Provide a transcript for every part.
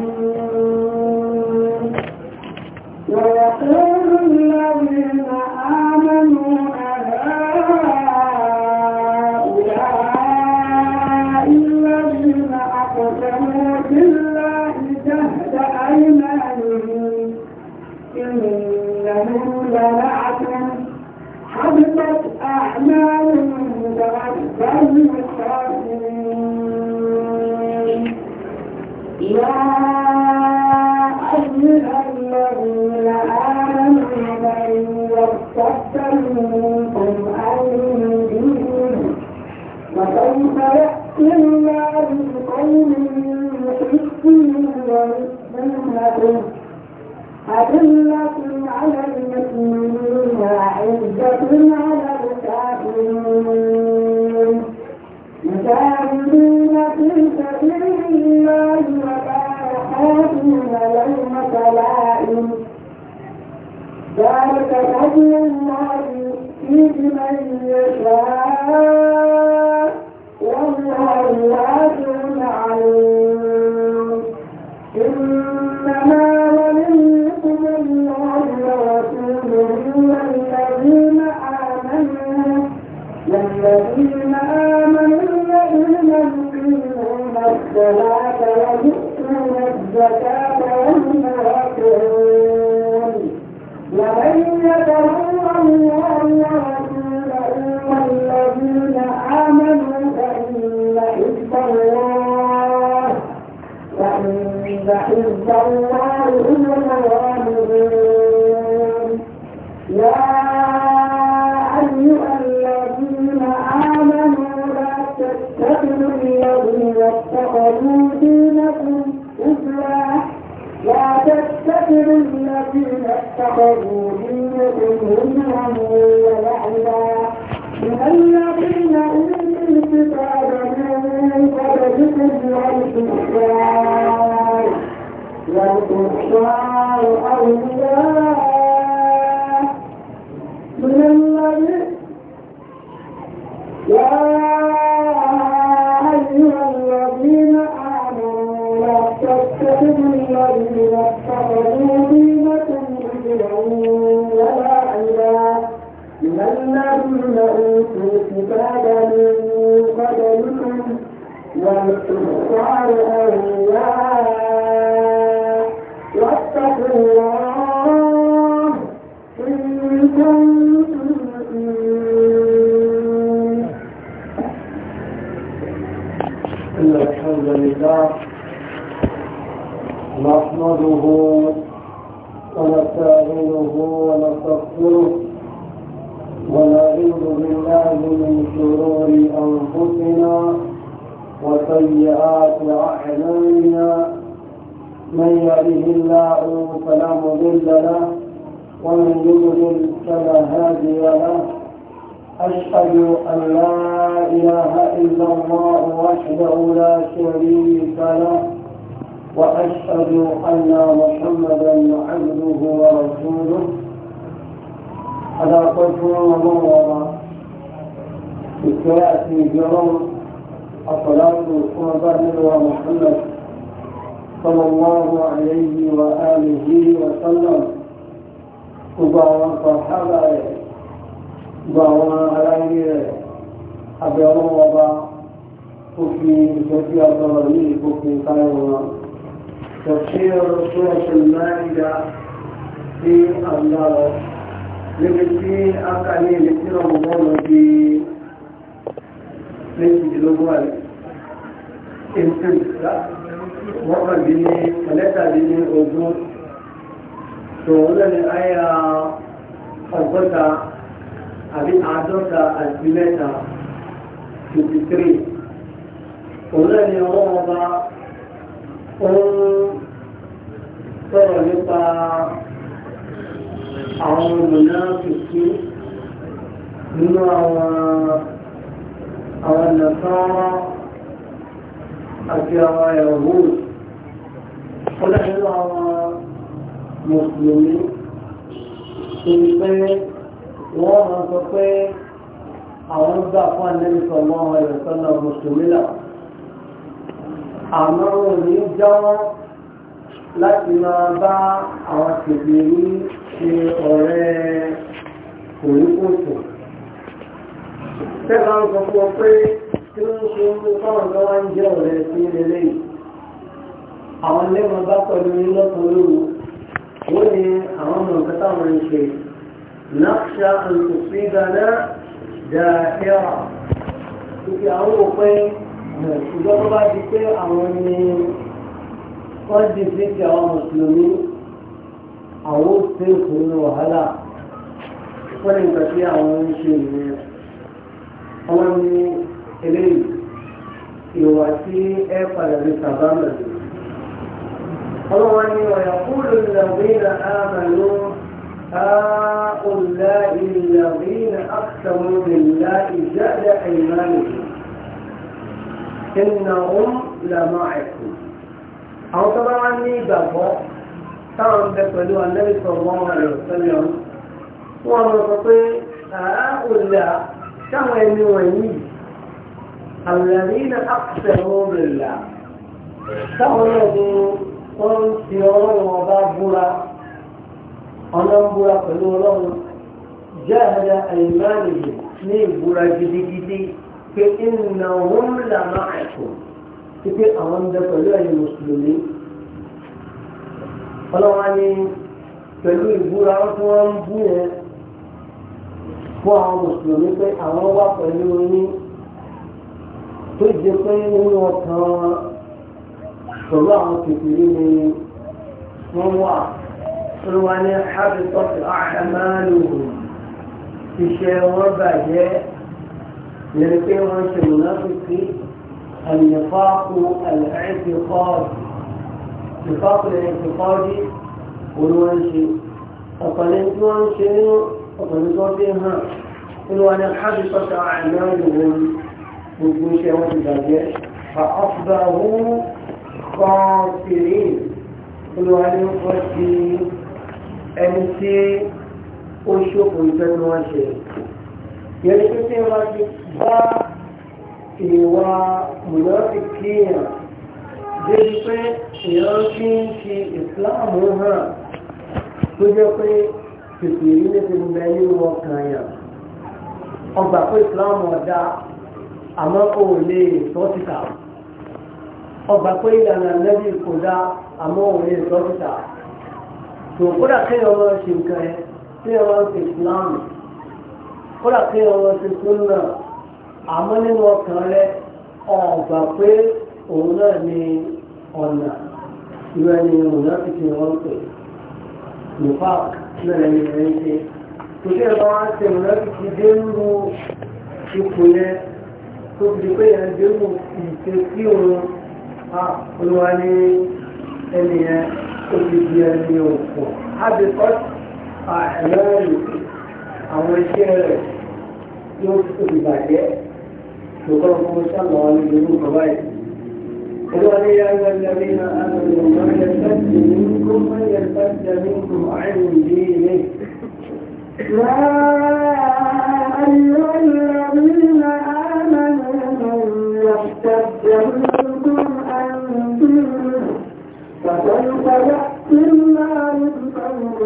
الرحيم ويقول تستنكم عن دينهم وسوف يأتي الله بقوم محبين ومثلهم أذلة الله يؤتيه من يشاء حزب الله يا أيها الذين آمنوا لا تتخذوا الذين اتخذوا دينكم كفرا لا تتخذوا الذين اتخذوا دينكم هزوا ولعبا من الذين أوتوا الكتاب من قبلكم الكفار أولياء من الذي لا نعبده ونستعينه ونستغفره ونعوذ بالله من شرور انفسنا وسيئات اعمالنا من يهده الله فلا مضل له ومن يضلل فلا هادي له أشهد أن لا إله إلا الله وحده لا شريك له وأشهد أن محمدا عبده ورسوله على قدر ومرة بكراسي جرم الصلاة والسلام محمد صلى الله عليه وآله وسلم وبعض الصحابة وبعض عليه أبي الله وبعض كفي كفي أبي خير تفسير سورة المائدة في الله لكي أقلي لكي رمضان في méjì lógún àrí ètò ìsá mọ́kànlẹ̀ ní mẹ́lẹ́tàlẹ̀ ní ogún tòun lẹ́nu àyà ọgọ́ta àbí àádọ́ta àti mẹ́ta 53 òun lẹ́nu ọwọ́ ọba òun sọ̀rọ̀ nípa àwọn olùnáà kìkì nínú àwọn àwọn nàfọ́wọ́ àti àwọn ẹ̀rọ ó lẹ́yìn àwọn mùsùlùmí tó ń pé wọ́n máa sọ pé àwọn gbà fún àlẹ́ ẹ̀rọ sọ́nà mùsùlùmí làwọn àmọ́ òní jáwọ́ láti máa bá àwọn tèbè ní ṣe ọ̀rẹ́ òníkòtò tẹ́lá ń sọ fún ọ pé kí ló ń ṣe ń fáwọn tó wá ń jẹ́ ọ̀rẹ́ sí lélẹ̀ àwọn lẹ́mọ̀ bá pẹ̀lú lọ́kàn lóru ní àwọn ọmọ nǹkan táwọn ń ṣe náṣà ń àwọn òpin ṣùgbọ́n tó bá di pé àwọn ni wọ́n di sí ti àwọn mùsùlùmí àwọn ó ṣe ìṣòro wàhálà wọ́n lè gbà pé àwọn ń ṣe ìrìn àwọn ni eléyìí ìwà tí ẹ padà lè sàbámẹ̀ lò. الله ويقول الذين آمنوا هؤلاء الذين أقسموا بالله جعل أيمانهم innahum lama'ikum àwọn tó bá wá ní ìgbàgbọ́ táwọn ń bẹ pẹ̀lú anẹ́rìsọ̀ wọn rẹ̀ sẹ́lẹ̀ ọ̀hún wọn mọ̀ sọ pé àá òlà táwọn ẹni wọ̀nyí àlàyé àkùsẹ̀wọ̀ rẹ̀ là táwọn náà ní wọ́n ń fi ọlọ́run ọba búra ọ̀nà ń búra pẹ̀lú ọlọ́run jẹ́ àyà àyèmánìyàn ní ìbúra gidigidi pé iná wọn là máa ẹ̀kọ́ pípé àwọn ń bẹ pẹ̀lú ẹ̀yin mùsùlùmí ọlọ́wọ́n ní pẹ̀lú ìbúra tí wọ́n ń bú yẹn fún àwọn mùsùlùmí pé àwọn wà pẹ̀lú yín tó jẹ́ pé nínú ọkàn pẹ̀lú àwọn kékeré ni wọ́n wà olùwà ní hábitọ́tì àhàmánù iṣẹ́ wọn bàjẹ́. لكي وانش منافق النفاق الاعتقادي نفاق الاعتقادي ونوانش أطلنت وانش أطلنت وانشها ونوانا حبطت أعمالهم وجوش وانشها فأصبحوا خاسرين ونوانا وانشها أنت وشوفوا الجنة وانشها yẹn ni pípé wa ti bá ìwà mùnàfíkì yẹn débi pé èèyàn fi ń fi ìsìláàmù hàn tó jẹ́ pé tètè yìí ní ti gbogbo ẹni wọ́n kan yàn ọgbà pé ìsìláàmù ọ̀dà àmọ́ kò lè tọ́ síta ọgbà pé ìlànà lẹ́bí kò dá àmọ́ òun lè tọ́ tòkúdà kéèyàn máa ṣe nǹkan ẹ kéèyàn máa ń fi ìsìláàmù kódà kí ọmọ ti tún náà àmọ́ nínú ọkàn rẹ ọ̀gbà pé òun náà ni ọ̀nà ìlú ẹni òun náà ti fi wọ́n pè nípa náà ni ẹni ṣe kò sí ẹ̀rọ wá ṣe òun náà ti dé nínú ipò yẹn tó fi pé yẹn dé nínú ìṣe sí òun olúwa ní ẹni yẹn ó ti di ẹni òkú. Hábi kọ́ àìlọ́rìn àwọn iṣẹ́ rẹ̀ yóò tóbi bàjẹ́ ṣùgbọ́n mo sábà wọn ní irú bàbá yìí. Olúwa ní yá yọ lẹ́rí náà àgbẹ̀rẹ̀ wọn yẹ fẹ́ẹ̀sì nínú wọn yẹ fẹ́ẹ̀sì nínú àìrùn bí ilé. فسوف يأتي الله بقوم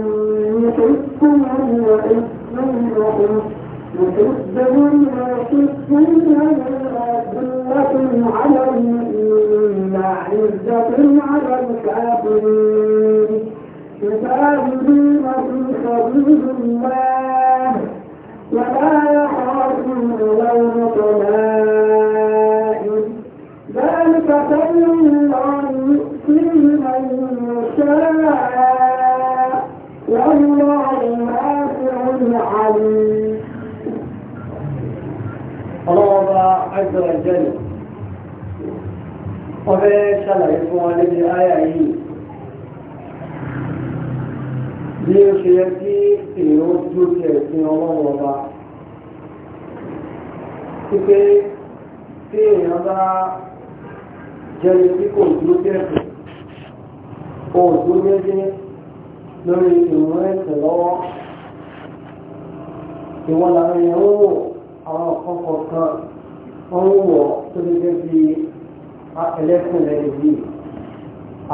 يحبهم ويحبونهم يحبون ويحبون أذلة على المؤمنين عزة على الكافرين يجاهدون في سبيل الله ولا يخافون لوم طلائم ذلك خير الله يؤتيه من يشاء والله واسع عليم ọlọ́wọ́ba àìsàn ìjẹ́lẹ̀ wọ́n fẹ́ ṣàlàyé fún wọn lébi àyà yìí bí ó ṣe yẹ kí èèyàn dúró ti ẹ̀sìn ọlọ́wọ́ba pípé tí èèyàn bá jẹ́lẹ̀ tí kò dúró ti ẹ̀sìn kò dúró déédéé lórí ìwọ̀n ẹ̀sìn lọ́wọ́ ìwọ̀n làwọn èèyàn ń wò àwọn ọ̀kọ́kọ̀ kan wọ́n ń wọ̀ tó lè jẹ́ bí ẹlẹ́sìn lẹ́yìn yìí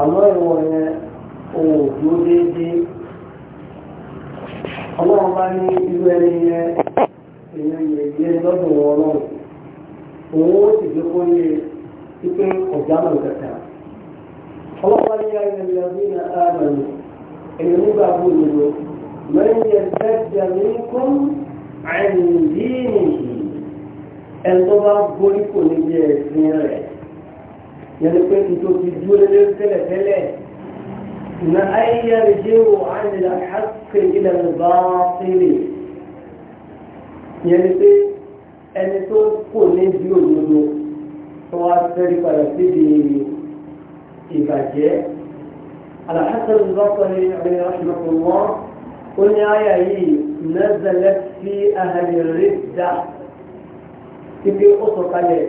àmọ́ ìwọ̀n yẹn òun ò dúró déédéé ọlọ́run bá ní irú ẹni yẹn èèyàn yẹ̀yẹ́ lọ́dọ̀ wọn ọlọ́run òun ó sì dúró yẹ pípé ọ̀já náà kẹta ọlọ́run bá ní ayé ẹ̀yẹ́ bí i ààrẹ èèyàn nígbà gbòòrò mẹ́rin yẹn bẹ́ẹ̀ àìníyìn ẹni tó bá borí kò ní bí ẹ̀sìn rẹ̀ yẹn pé tó ti dúró lé tẹ́lẹ̀tẹ́lẹ̀ na ayé rẹ̀ jẹ́ wò ánìlá hàkè ilẹ̀ bá tẹ̀lé yẹn pé ẹni tó kò ní bí òdodo tó wá fẹ́rí padà síbi ìbàjẹ́ alhassan al-basri alayhi rahmatullah ó ní àyà yìí nazalat fi ahàlì rẹ̀ dà ibi ó sọ̀kalẹ̀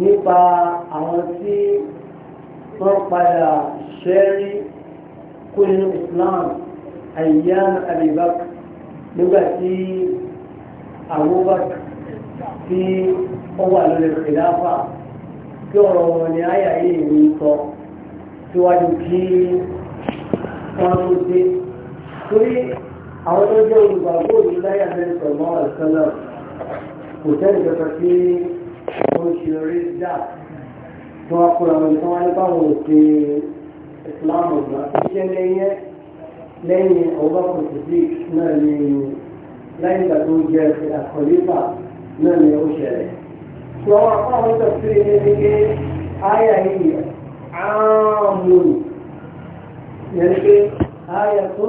nípa àwọn tí wọ́n padà ṣẹ́rí kó nínú Islam ayyam Abi Bakr nígbà tí Abubakar tí ó wà lórí khilafa kí ọ̀rọ̀ wọn ni àyà yìí ń sọ síwájú kí wọ́n tó dé àwọn tó jẹ́ olùgbàgbọ́ òní láyà mẹ́rin pẹ̀lú àṣálà kò tẹ́ ìjọba tí ó ń ṣe orí dà tó wá kó àwọn ìtàn wáyé báwọn òfin ìsìláàmù gbà iṣẹ́ lẹ́yẹ lẹ́yìn ọba kòtìdík náà ni lẹ́yìn ìgbà tó ń jẹ́ àkọlífà náà ni ó ṣẹlẹ̀. tó àwọn apá tó fi ní ní pé áyà yìí ààmù yẹn pé áyà tó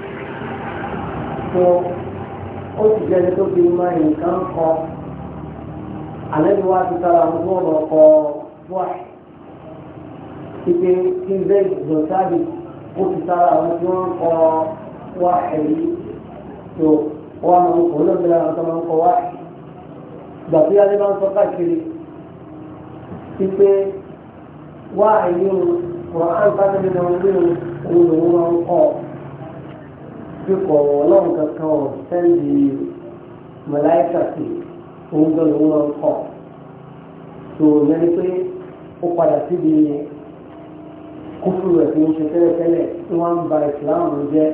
sọ ó sì jẹ́ ẹni tó fi mọ nǹkan kọ wa ti tara àwọn tó kọ wá ìpè kí n bẹ́ẹ̀ dọ̀tàbí ó ti sára àwọn tó ń kọ wá ẹ̀rí tó máa ń kọ lọ́dọ̀ àwọn tó máa ń kọ wá ìgbà tó máa ń sọ káàkiri wá o kò á ń bí kò ọlọ́run kankan ọ̀ sẹ́ndì mọ̀láìkà sí òun gan lòun máa ń kọ́ tó lẹ́ni pé ó padà síbi kúfù rẹ̀ tó ń ṣe tẹ́lẹ̀tẹ́lẹ̀ tí wọ́n ń ba ìsìláàmù jẹ́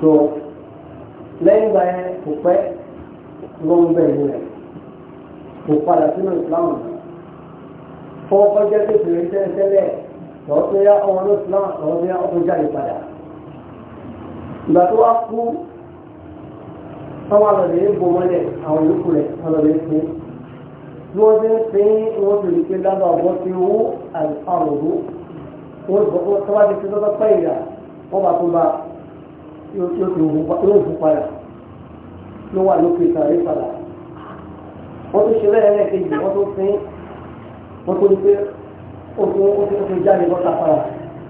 tó lẹ́yìn ìgbà yẹn kò pẹ́ lọ́n bẹ̀rẹ̀ rẹ̀ kò padà sínú ìsìláàmù fọwọ́kọ́ jẹ́ pé tẹ́lẹ̀tẹ́lẹ̀ lọ́ọ́ tó yá ọmọ ìsìláàmù lọ́ọ́ tó yá ọkọ̀ jáde padà ìgbà tó wá kú táwọn àlọ́dẹ yóò gbọ́ mọ́lẹ̀ àwọn yòókù rẹ̀ àlọ́dẹ pé bí wọ́n ti ń pè é wọ́n ti rí pé dábàá wọ́n ti wú àròró wọ́n ti bọ́ tó wá ti fi tọ́tọ́ pẹ́ ìyà wọ́n bá tó bá yóò ti wù padà ló wà lókè ìtàrí padà wọ́n tó ṣe lẹ́yìn lẹ́ẹ̀kejì wọ́n tó pín wọ́n tó pé ó tó ó tó jáde bọ́ta padà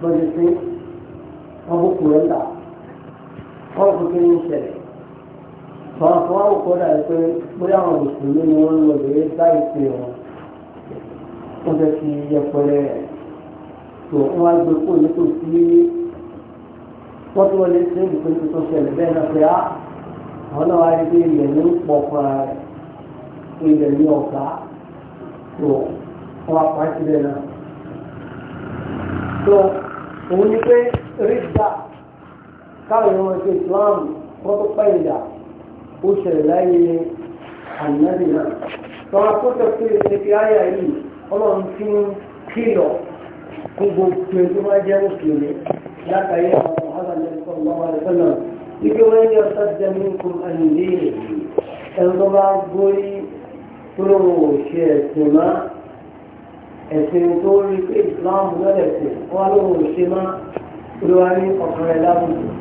lọ́jọ́ pín wọ́n bó kù rẹ̀ ń dà wọ́n fi kí ní ṣẹlẹ̀ wọ́n fún wọn kó dà pé bóyá àwọn mùsùlùmí ni wọ́n lò lè dá ìpè wọn wọ́n fẹ́ fi yẹpẹrẹ rẹ̀ tó wọ́n wá gbé kó ní kò sí wọ́n tí wọ́n lè ṣe ìpè tuntun ṣẹlẹ̀ bẹ́ẹ̀ náà pé á ah, àwọn náà wá pé ilẹ̀ ní pọ̀ fún ara rẹ̀ ilẹ̀ ní ọ̀gá tó wọ́n apá síbẹ̀ náà. tó òun ni pé rí gbà káwọn èèyàn ṣe islam wọ́n tó pẹ́ ìdá ó ṣẹlẹ̀ láyé ànábì náà tọ́ akótó pé ẹ̀kẹ́ àyà yìí ọlọ́run ti ń kìlọ̀ kó gbogbo ẹ̀ tó máa jẹ́ òkèlè látàrí àwọn ọ̀hánà lẹ́sọ̀ lọ́wọ́ àdìsọ́nà ike wọ́n ní ọ̀sán jẹ́mi kún àyìnlé ẹ̀rọ tó bá gbórí tó lóun ò ṣe ẹ̀sìn máa ẹ̀sìn tó rí pé ìsìláàmù lọ́lẹ̀ sí wọ́n lóun ò ṣe máa olúwa ọ̀kan rẹ̀ lábùkù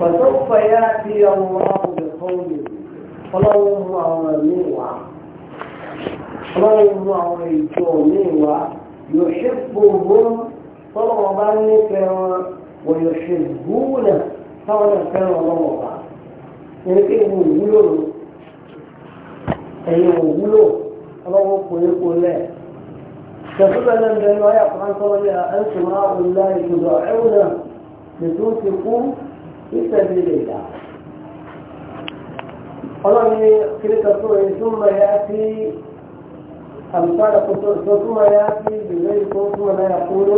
فسوف يأتي الله بقوم ọlọ́run mú àwọn ẹ̀mí wá ọlọ́run mú àwọn ìjọ mi wá yóò ṣe gbogbo tọ́lọ́wọ́ bá nífẹ̀ẹ́ wọn wọ́n yóò ṣe gbúgbúnà ẹni pé ìwọ òwúlò ẹ̀yin òwúlò ọlọ́wọ́ ìṣòro ẹ̀wọ̀n náà ti kú ìsẹ̀lélẹ̀ ọlọ́ni kìrìkà tó rẹ̀ súnmọ̀ ya sí àmsára tó súnmọ̀ ya sí ìbílẹ̀ ìkó súnmọ̀ náà kúrò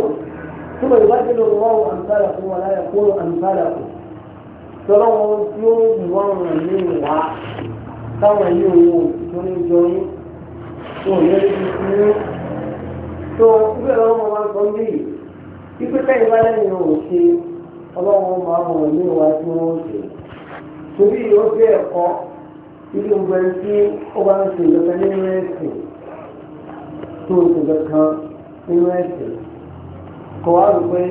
súnmọ̀ ìbájúlò wọ́n àmsára tó wọ́n náà kúrò àmsára tó tọ́lọ́ wọn tí ó wọ́n rẹ̀ ní ìwà táwọn yìí owó tó ní jọyín tó ní ẹni tó ní tó ìgbẹ́ ọlọ́mọ wa sọ ń bí ìpínlẹ̀ ìbálẹ̀ ni ò ọlọ́run máa mọ̀ ní ìwà tí ṣe torí ó jẹ́ ẹ̀kọ́ ilé ìgbẹ́ tí ó bá ń ṣe ìjọba nínú ẹ̀sìn tó o kò kankan nínú ẹ̀sìn kò wá rò pé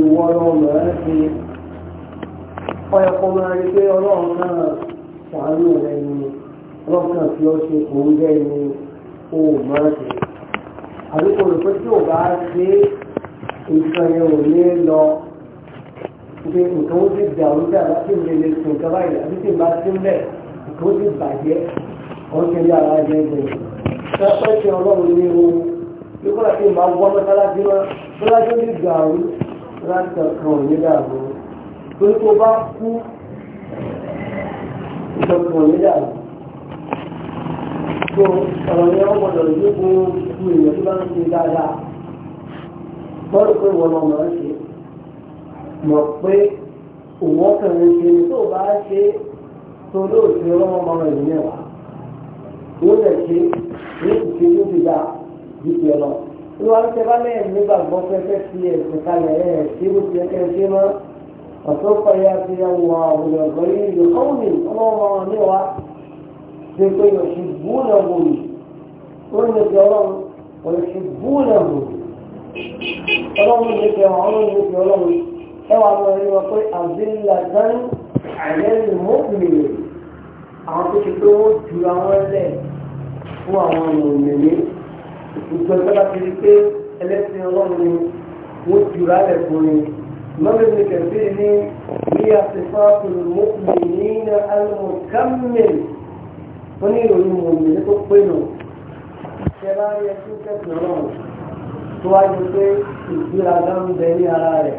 ìwọ ọlọ́run rẹ̀ ṣe ọyọ máa rí pé ọlọ́run náà ṣàánú rẹ̀ ni ọlọ́run kan fi ṣe kò ń jẹ́ ni ó máa ṣe àbíkò rò pé tí ò bá ṣe nǹkan yẹn ò ní lọ pé nǹkan ó ti dà ó dà láti lè lè sùn nǹkan báyìí àbí tí ìbá sí mbẹ nǹkan ó ti bàjẹ́ ọ̀hún ti rí ara jẹ́ gbẹ̀yìn. sápẹ́ ti ọlọ́run ní o nígbà tí ìbá wọ́n mọ́sálásí mọ́ mọ́sálásí ó ti dà ó láti kan ò ní dàgbò torí tó bá kú ìjọba ò ní dàgbò. tó ọ̀rọ̀ yẹn wọ́n gbọ́dọ̀ yóò kó gbogbo èèyàn tó bá ń ṣe dáadáa bọ́ọ̀lù pé wọ́n lọ́mọ ṣe mọ̀ pé òun ọkùnrin ṣe ni tó bá ṣe tó lóòtú ọlọ́wọ́ ọmọ rẹ̀ nínú ẹ̀wà ó lè ṣe ní ìṣe tó ti dá dìpẹ́ lọ. olúwa ń tẹ́lá lẹ́yìn nígbàgbọ́ pẹ́pẹ́ sí ẹ̀sìn kalẹ̀ ẹ̀ ṣé ó ti ẹ̀kẹ́ ṣe mọ́ ọ̀tọ́ pẹ̀lú àti ẹ̀wọ̀n àwùjọ ọ̀gbọ́n yìí ló kọ́ ní ọlọ́wọ́ ọmọ ní wa ṣe pé yọ̀ṣì búlọ̀ wòlì ó ní ti ọlọ́run ọ̀ṣì búlọ̀ wòlì ọlọ́run ní ti ọlọ́run ẹwà lọ rí wọn pé àbílà dání àyẹ̀lì mọ́kùnrin àwọn tó ṣe pé wọ́n ju àwọn ẹlẹ́ fún àwọn ọmọ òmìnir ìgbẹ́ tó bá ti di pé ẹlẹ́sìn ọlọ́run ni wọ́n jura rẹ̀ fún ni lọ́dún ní kẹ̀sí ní bí a ti fọ́ àpòlùmọ́kùnrin ní iná alùmọ̀kámẹ́lì wọ́n ní ìròyìn mọ̀mìnir tó pé nù ṣe bá yẹ kí kẹ̀sìn ọlọ́run tó wáyé pé ìgbéraga ń bẹ ní ara rẹ̀.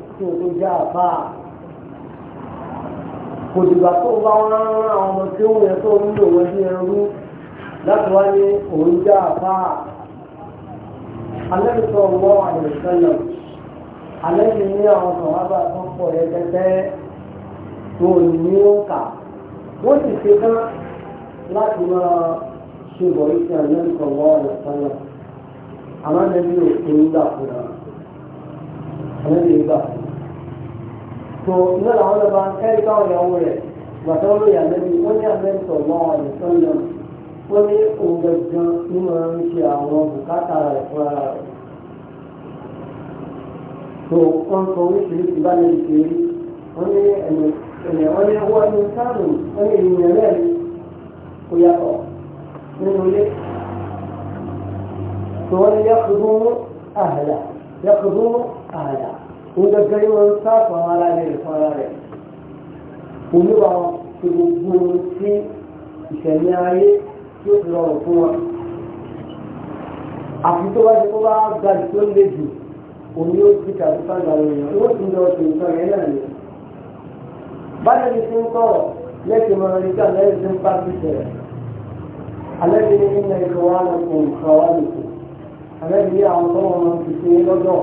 tí o tó já àbá kò dìgbà tó bá wọn rán àwọn ọmọ tí ó yẹ tó ń lò wọn ní ẹrú láti wá òun já àbá alẹ́ sọ wọ́n àyẹ̀sẹ́lẹ̀ alẹ́ sì ní àwọn sọ̀rọ̀ tó pọ̀ yẹ tẹ́tẹ́ tó ní ó kà wọ́n sì ṣe tán láti máa ṣe bọ̀ ìṣe alẹ́ sọ wọ́n àyẹ̀sẹ́lẹ̀ àmọ́ ẹni ò tó ń gbà fún wa ẹni ò gbà fún wa tó iná làwọn lọ bá ẹrí káwọn ìyàwó rẹ̀ gbàtọ́ ló yà lẹ́nu wọ́n ní àmẹ́sọ̀ wọn àìsàn náà wọ́n ní òun gangan ní máa ń ṣe àwọn bùkátà rẹ̀ fún ara rẹ̀ tó wọ́n sọ oríṣiríṣi bá lè ṣe é wọ́n ní ẹ̀mẹ̀ wọ́n ní wọ́n ní sáàmù wọ́n ní ìyẹn rẹ̀ kó yàtọ̀ nínú ilé tó wọ́n ní yàkùdún àhàlà gbogbo ẹni wọn ń sáàpọ̀ àwọn aráàlú rẹ̀ fún ara rẹ̀ olúwa ti gbogbo sí ìṣẹ̀lẹ̀ ayé tí ó fi rọrùn fún wọn àfi tó bá ti kó bá gba ìtó lè jù òní ó ti tàbí fáńgà lórí rẹ̀ ó ti lọ sí nǹkan rẹ̀ náà ni báyọ̀ ni ti ń kọ̀rọ̀ lẹ́sìn mọ́ ẹni tí àlẹ́ ti ń pa sí ìṣẹ̀lẹ̀ alẹ́ ní ilẹ̀ ìṣòwò àlọ́kùn ìṣòwò àlọ́kùn alẹ́ ti ní àwọn tó wọn ti ṣe lọ́dọ̀.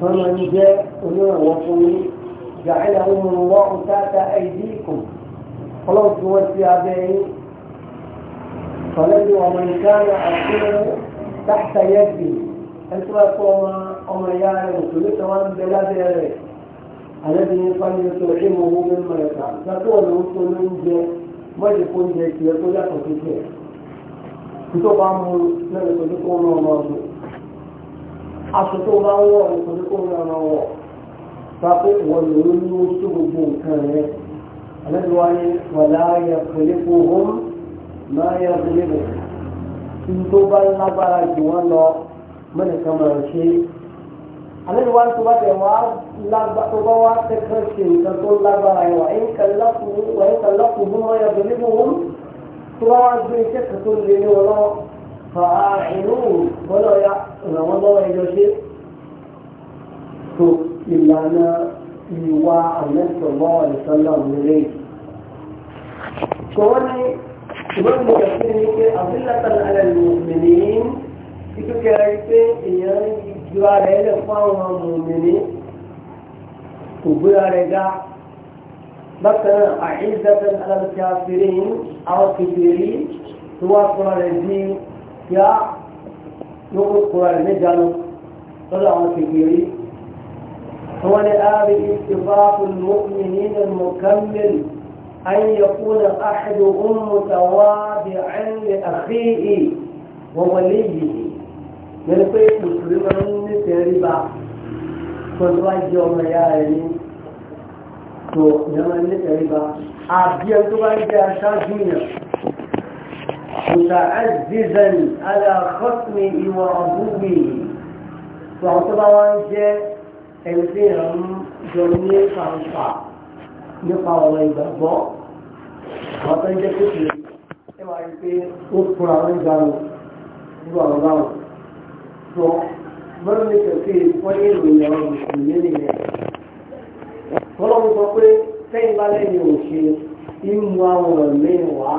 فمن جاء أمنا وقوي جعلهم الله تحت أيديكم خلاص نوسي أبيه فلن ومن كان أخوه تحت يدي أنتم أقوم أمر يعني مسلمين كمان بلاد يريد الذي يقال يطعمه مما يطعم تقول وصل من جاء ما يكون جاء يقول لك وكيف كتب عمه لا يقول لك aṣọ tó bá wọ̀ ọkùnrin kò rán ara wọ̀ sápò wọ̀ lòó ní ó tó gbogbo nǹkan rẹ̀ alẹ́dùnwá ni wàlá yẹ̀kùnlé kò hún máa yẹ̀kùnlé kò tó bá lágbára jù wọ́n lọ mẹ́nìkan máa ṣe alẹ́dùnwá tó bá tẹ̀ wá tó bá wá tẹ́kẹ́ ṣe nǹkan tó lágbára yẹn wà ń kàlọ́kùnrin wọ́n yẹ̀kùnlé kò hún tó bá wá gbé iṣẹ́ kan tó lé ní ọlọ́wọ́ fàáìrùn ولا ya ràn lọ́wọ́ ẹjọ́ ṣe tó ìlànà ìwà àmẹ́sọ̀mọ́ ìsọ́nà òmìnirí kò wọ́n ní ìwọ́n mú kẹfẹ́ ní pé àbílẹ̀tàn alẹ́ lòmìnirí títí kẹrin pé èèyàn ju ara ẹ lẹ̀ fún àwọn mòmìnirí kò gbé ara ẹ ga bákan náà àìsàn alẹ́ kí á yóò kó kóra rẹ̀ níjànú lọ́dọ̀ àwọn kékeré wọ́n ní ààrẹ ìfipáfù المؤمنين المكمل أن يكون أحدهم متواضعا لأخيه ووليه yẹni pé mùsùlùmí máa ń ní tẹríba tó tó bá jẹ ọmọ ìyá rẹ ní tó ìyá máa ń ní tẹríba àbí ẹni tó bá aṣáájú yẹn mùtàázìzàn aláàkọ́sìmì ìwà ọ̀gbùnmí tó àwọn tó bá wá ń jẹ́ ẹni tí ìrọ̀ ń jọ ní fàǹfà nípa ọ̀rọ̀ ìgbàgbọ́ àwọn tó ń jẹ́ kékeré ẹ máa rí pé ó fún àwọn ìgbàlù nínú àwọn báwọn tó bọ́lá ní kẹ̀kẹ́ wọ́n ní ìròyìn àwọn mùsùlùmí nìyẹn wọ́n lọ́wọ́ sọ pé sẹ́yìn bá lẹ́yìn òṣè ìmú àwọn mẹ́rin wàá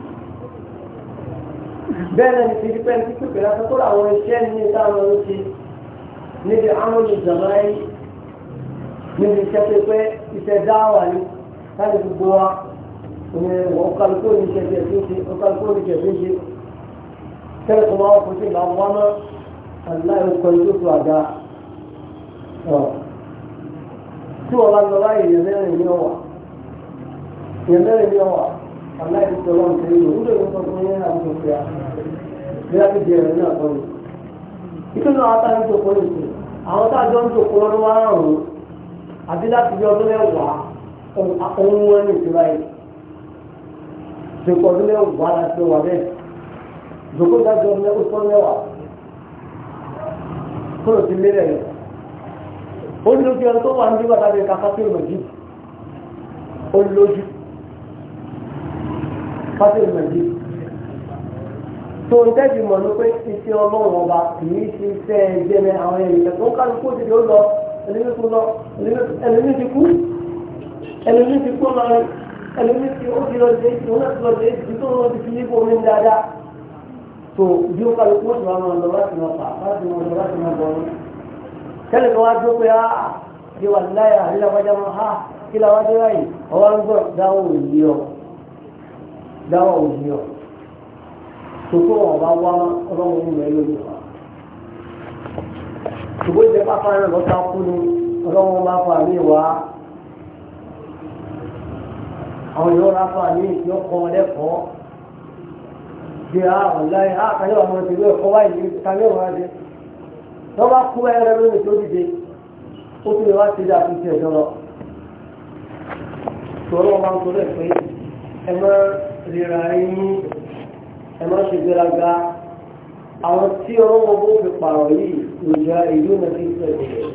bẹ́ẹ̀ ni ti pẹ́ ti pèpè lásán tó làwọn iṣẹ́ ní táwọn ń ṣe níbi àwọn ìjọba yìí níbi iṣẹ́ tó pẹ́ iṣẹ́ dáwà ni láti gbogbo wa ìyẹn wọ́n kálukú ní iṣẹ́ tó ń ṣe wọ́n kálukú ní iṣẹ́ tó ń ṣe tẹ́lẹ̀ tó máa ń fojú ìgbà wọn náà aláì ń kọ ìjó tó àga tí wọ́n bá lọ láyé ìyẹn mẹ́rin ní ọ̀wà ìyẹn mẹ́rin ní ọ̀wà aláìsọ̀rọ̀ nǹkan yìí ó lè wọ́n sọ fún yẹn àwọn òṣèré bí a ti di ẹ̀rọ náà kọ́ ni. ìpínlẹ̀ àwọn tá a ń jòkó ní ìsìn àwọn tá a jọ ń jòkó ọdún wa rùn ún àbí láti bí ọdún mẹ́wàá ohun wọn ní ìṣúra yìí. jòkó ọdún mẹ́wàá láti wà bẹ́ẹ̀ jòkó ìdájọ́ ọdún mẹ́wàá kúrò sí lérẹ̀ rẹ̀. ó lójú tó wà ní bàtà fásitì nàìjí tó ń tẹ́jú mọ̀ ní pé iṣẹ́ ọlọ́run ọba kì í ṣe iṣẹ́ ẹgbẹ́ ní àwọn ènìyàn tó ń kájú kó dìde ó lọ ẹlẹ́mí tó lọ ẹlẹ́mí ti kú ẹlẹ́mí ti kú lọ ẹlẹ́mí ti ó ti lọ dé ìṣòro náà ti lọ dé ìṣòro tó ń lọ ti fi yípo omi dáadáa tó bí ó kájú kó ìwà máa lọ láti máa fà láti máa lọ láti máa bọ̀ ọ́ tẹ́lẹ̀ tó wá dúró pé á ah, ìwà láyà àríyá wájà máa há ah, kí dáwà òní ọ̀ tòkó ọ̀bá wá ọlọ́run rẹ̀ lórí wa tòkó jẹ́ pápá rẹ̀ lọ́ta kú ọlọ́run bá fà ní ìwà àwọn yóò rà fà ní ìpín ọkọ̀ lẹ́kọ̀ọ́ bí a ọ̀láyé a kàlẹ́ ọmọ ìpínlẹ̀ ẹ̀kọ́ wáyé kàlẹ́ ọmọ ẹ̀dẹ́ tó bá kú ẹ̀rẹ́ lórí tó dìde ó tún lè wá ti dà fi tiẹ̀ dọ́rọ̀ tòrọ́ máa ń torí ẹ̀ pé ẹ máa lera yín ẹ má ṣe gbéraga àwọn tí ọlọ́wọ́ bó fi pààrọ̀ yìí lòjá èyí ò náà ti sẹ̀lẹ̀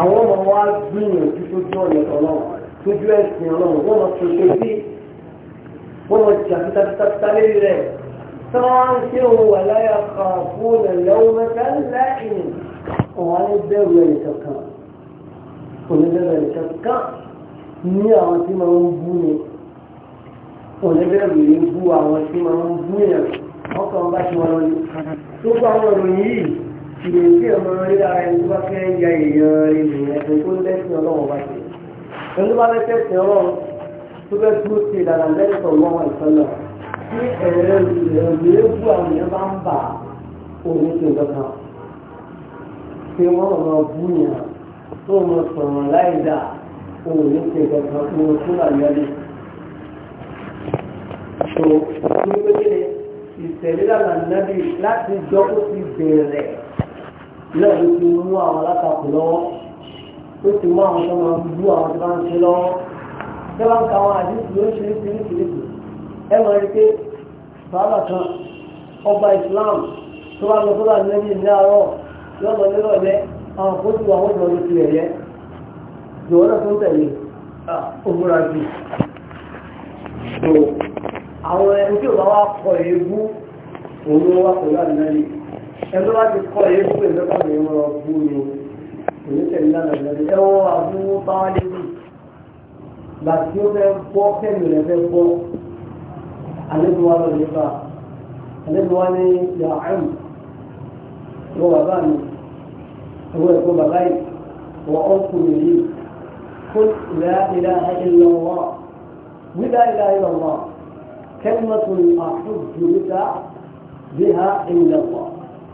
àwọn ọmọ wa gbìyànjú tó jọ ọ̀nà ọlọ́run tó jọ ẹ̀sìn ọlọ́run wọ́n máa ṣoṣo sí wọ́n máa jà fitafitafita lérí rẹ̀ sọ́wọ́n ṣé òun wà láyà kan fún ẹ̀lẹ́wọ̀n mẹ́ta lẹ́yìn ọ̀hún á ẹ̀ kankan onídẹ̀rẹ̀ ní àwọn tí máa ń bú ni oníbẹ̀rù yìí bú àwọn tí máa ń bú yẹn ọkàn bá ti wọn lọ ní. tó bá wọn lò yìí ìròyìn tí ọmọ rí ara ẹni tó bá fẹ́ ya èèyàn rí nìyẹn tó tó lẹ́sìn ọlọ́wọ́ bá ti. ẹni tó bá fẹ́ tẹ̀sìn ọlọ́run tó fẹ́ tó ṣe tó gbogbo ìtẹ̀lélànà nàbì láti jọ ó ti bẹ̀rẹ̀ náà ló ti mú àwọn alátakò lọ́wọ́ ó ti mú àwọn tó máa ń bú àwọn tó bá ń ṣe lọ́wọ́ tí wọ́n ń ka àwọn àdínkù ló ń ṣe nítoríṣiríṣi ẹ mọ̀ rí pé bàbá kan ọba Islam tó bá lọ sọ́dọ̀ nẹ́bí ní àárọ̀ lọ́dọ̀ nírọ̀lẹ́ àwọn kóòtù àwọn ìjọ ló ti ẹ̀yẹ jọ̀wọ́ náà tó ń tẹ̀lé òmùra ah, jù àwọn ẹni tí ò bá wá kọ èébú òun ló wá pẹ̀lú àdínẹ́lì ẹni tó bá ti kọ èébú ẹ̀mí pàdé wọn lọ bú ni òun tẹ̀lé lánàá àdínẹ́lì ẹ wọ́n àbúrò báwọn débi gbà tí ó fẹ́ bọ́ kẹ́mi rẹ̀ fẹ́ bọ́ àlejò wa lọ nípa àlejò wa ní yà áìm ìwọ bàbá mi ìwọ ẹ̀kọ́ bàbá yìí wọ́n ọkùnrin yìí kó ìlà ìlà ìlà wọ́n wí láìláìlà wọ́n. كلمة أحب بك بها عند الله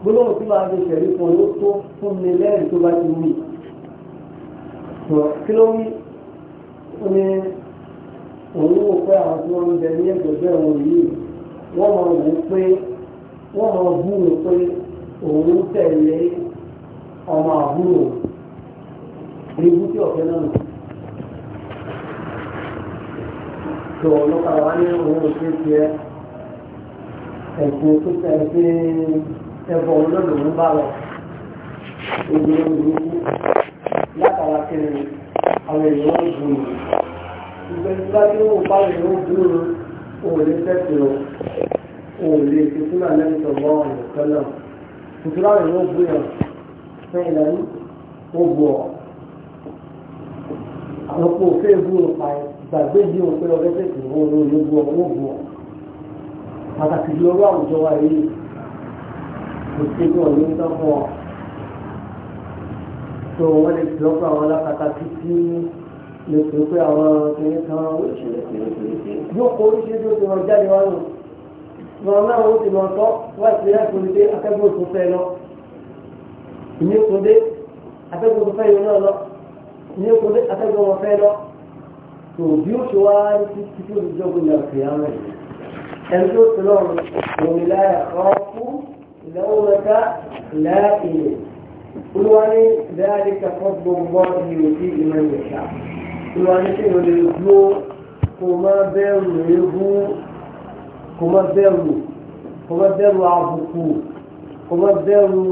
بلو تبع هذا الشريف ونقطه ثم لا تبع تنوي كلوي ومن ونوقع فيها عثمان جميع جزاء وليين وما بوقي وما بوقي ونوتي أما بوقي ريبوتي أو كلامه tó ọlọ́pàá àwọn anílò òun òṣèlú ti ẹ ẹ̀sìn tó tẹ̀lé pé ẹ̀fọ́ olóòlù ń bá lọ ojú ojú látara kiri àwọn èèyàn ń bù mí ìgbẹ́ nígbà tí wọ́n bá lè ń bù mí òun lè tẹ̀sí lọ òun lè fi sínú àlẹ́ ìtọ̀gbọ́ ọ̀nà kan náà láwọn èèyàn ń yàn fẹ́yìn lẹ́nu ó bù ọ́ àwọn kò fẹ́ bù ọ́ pa ẹ̀ gbàgbé yìí ò pé ọbẹ̀ tẹ̀sí wọn ló ló bu ọwọ́ bu ọ pàtàkì ju ọwọ́ àwùjọ wa yìí kò sí bí ọ̀lẹ́ ń dánwọ́ ọ tó wọ́n lè fi ọ́pọ̀ àwọn alákatá títí lè pè pé àwọn kìnìún kan oríṣiríṣi yóò kó oríṣiríṣi ó ti wọn jáde wá nù wọn náà ó ti lọ tọ́ wá sí ẹ̀kọ́ ní pé akẹ́kọ̀ọ́ tó lọ ìní kò dé akẹ́kọ̀ọ́ tó fẹ́ yọ náà lọ ìní kò dé akẹ́kọ̀ọ́ wọn fẹ́ lọ tó bí ó ṣe wá títí tó ti jọ́ gbìyànjú àkìyàmẹ́ ẹni tó ti lọ́rùn òmìnira ọ̀pọ̀ ìdáwó mẹ́ta láàyè olúwarí dáadé kakọ́ gbogbo ìwé sí ìmọ̀ ìyẹ̀ṣà olúwarí tí ìwé lè dúró kò má bẹ̀rù ewu kò má bẹ̀rù kò má bẹ̀rù àbùkù kò má bẹ̀rù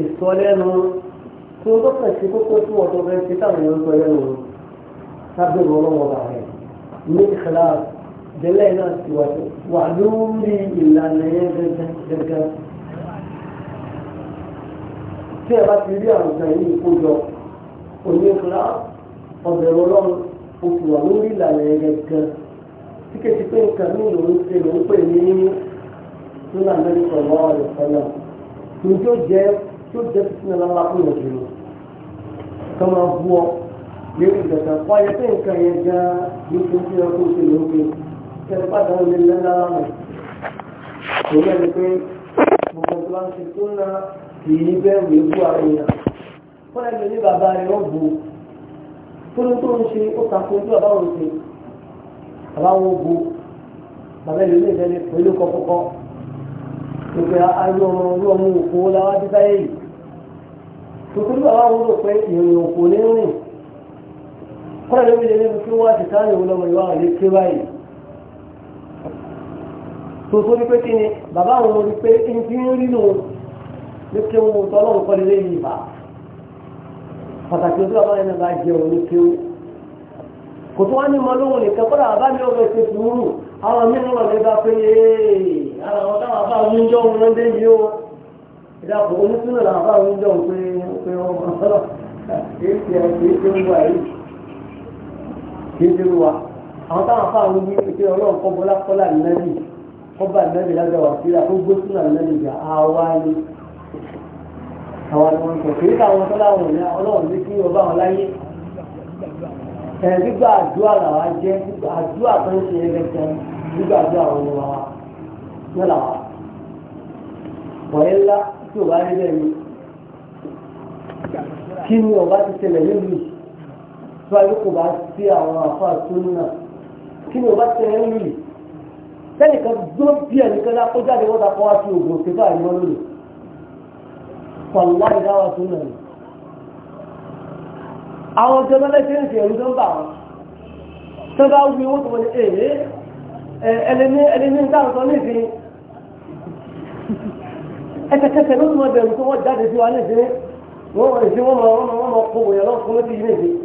ìsọlẹ́nu tó ń tọ́ka sí kókó tí wọ́n tó fẹ́ ṣe táwọn èèyàn ń sọ lẹ́nu sábẹ̀rù ọlọ́wọ́ bá rẹ̀ ní ìkìláàsì délẹ̀ náà ti wà lórí ìlànà yẹn gẹ́gẹ́ tí ẹ bá ti rí àwọn ọ̀gá yìí kójọ òní ìkìláàsì ọ̀bẹ̀rù ọlọ́run o ti wà lórí ìlànà yẹn gẹ́gẹ́ tí kèsì pé nǹkan ní ìlú ṣe ló ń pè ní nígbà mẹ́rin sọ̀rọ̀ ọ̀rẹ́ sọ́nà tó jẹ́ tó jẹ́ tuntun náà lápá fún ìrìn kọ́mọ bú ọ lérí ìgbàgbà kọ́ ayé pé nǹkan yẹn gan ní kí n fi ọkọ̀ òṣè lóge kí ẹ pàdé àwọn ilé lára rẹ̀ kò yẹ pé gbogbo tó bá ń ṣe tó ná kì í bẹ́ẹ̀ wò ébú àwọn èèyàn kọ́ ẹ lè ní bàbá rẹ̀ ó bò tó ní tó ń ṣe ó takò ojú àbáwọn ṣe àbáwọn ó bò bàbá ìlú ní ìdẹ́ni pẹ̀lú kọ́kọ́kọ́ gbogbo ayé ọmọ orí ọmọ òkú láwá dídáyé yìí tó tó ní bàbá wọn rò pé ìrìn òkú ní rìn kọ́ra lórí ilé nínú kí wọ́n ti sáré wọn lọ́wọ́ ìwà àlè ké báyìí tó tó ní pé kí ni bàbá àwọn ọmọ ní pé ń fi ń rí lò ní kí wọn tọ́ lọ́wọ́ kọ́ lélẹ́ yìí bá pàtàkì ojú àbáyé náà bá jẹun ní kí ó kò tó wá ní mọ lóhùn nìkan kọ́ra àbá mi ọ̀rọ̀ ètò ìfúrú àwọn mìíràn lọ lè bá pé ara wọn táwọn àbá àwọn oúnjẹ òun lọ́dẹ yìí ó ìdàpọ̀ onísùnà làwọn àbá àwọn oúnjẹ òun pé pé wọn kọ́ lọ kì í ṣe kì í ṣe ń wà yìí kìí ṣe wa àwọn táwọn fáwọn ní pé ọlọ́run kọ́ bọ́lá kọ́lá nẹ́bì kọ́bà nẹ́bì lágbà wà síra tó gbé sínú nẹ́bì gbà àwa ni àwọn ni wọ́n sọ kìí káwọn tọ́lá wọn ní ọlọ́run ní kí ọba wọn láyé ẹ̀ gbígbà àdúrà làwa jẹ́ àdúrà tó ń ṣe ẹgbẹ́ gbígbà àdúrà wọn ni wàá ní làwa wọ̀nyẹ́lá tí ò bá rí bẹ́ẹ̀ ni kí ni ọba ti ṣẹlẹ̀ nílùú tó ayé kò bá sí àwọn àfáà tó nà kí ni o bá tẹ̀lé ń lù sẹ́nìkan dúró bí ẹnìkan náà kó jáde wọ́n ta kọ́ wá sí ògùn òkè báyìí wọ́n lò pọ̀lá ìdáwà tó nà ní. àwọn ọjọ́ mẹ́lẹ́sẹ̀ ń fi ẹ̀rú tó ń bà wọ́n tó bá wí owó tó wọ́n ní èyí ẹlẹ́ni ẹlẹ́ni ń dáhùn tó ní ìsìn ẹsẹ̀kẹsẹ̀ ló tún ọbẹ̀rù tó wọ́n jáde sí wa ní ìsìn wọ́n mọ̀ wọ́n mọ̀ wọ́n mọ̀ kó wòyàn lọ́kùnrin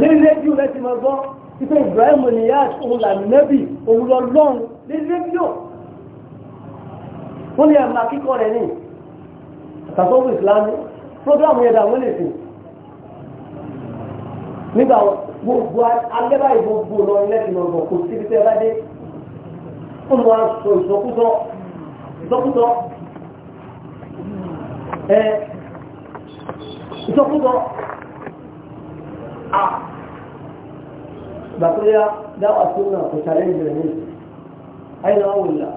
lórí rédíò lẹ́sìn máa gbọ́ ipe Ibrahim Niyas òun là nẹ́bì òun lọ lọ́run lórí rédíò wọ́n lè àmà kíkọ́ rẹ̀ ní àtàkọ́wò ìsìlámù prógrámù yẹn dàwọn lè sìn nígbà gbogbo alẹ́bàá ìgbogbo lọ lẹ́sìn máa gbọ́ kò síbi tẹ́ bá dé ó mọ aṣọ ìsọkúsọ ìsọkúsọ ẹ ìsọkúsọ bàtúrẹ́yà dáwà tó náà kò ṣàlẹ́ ìbẹ̀rẹ̀ ní àyìnà àwọn ìlà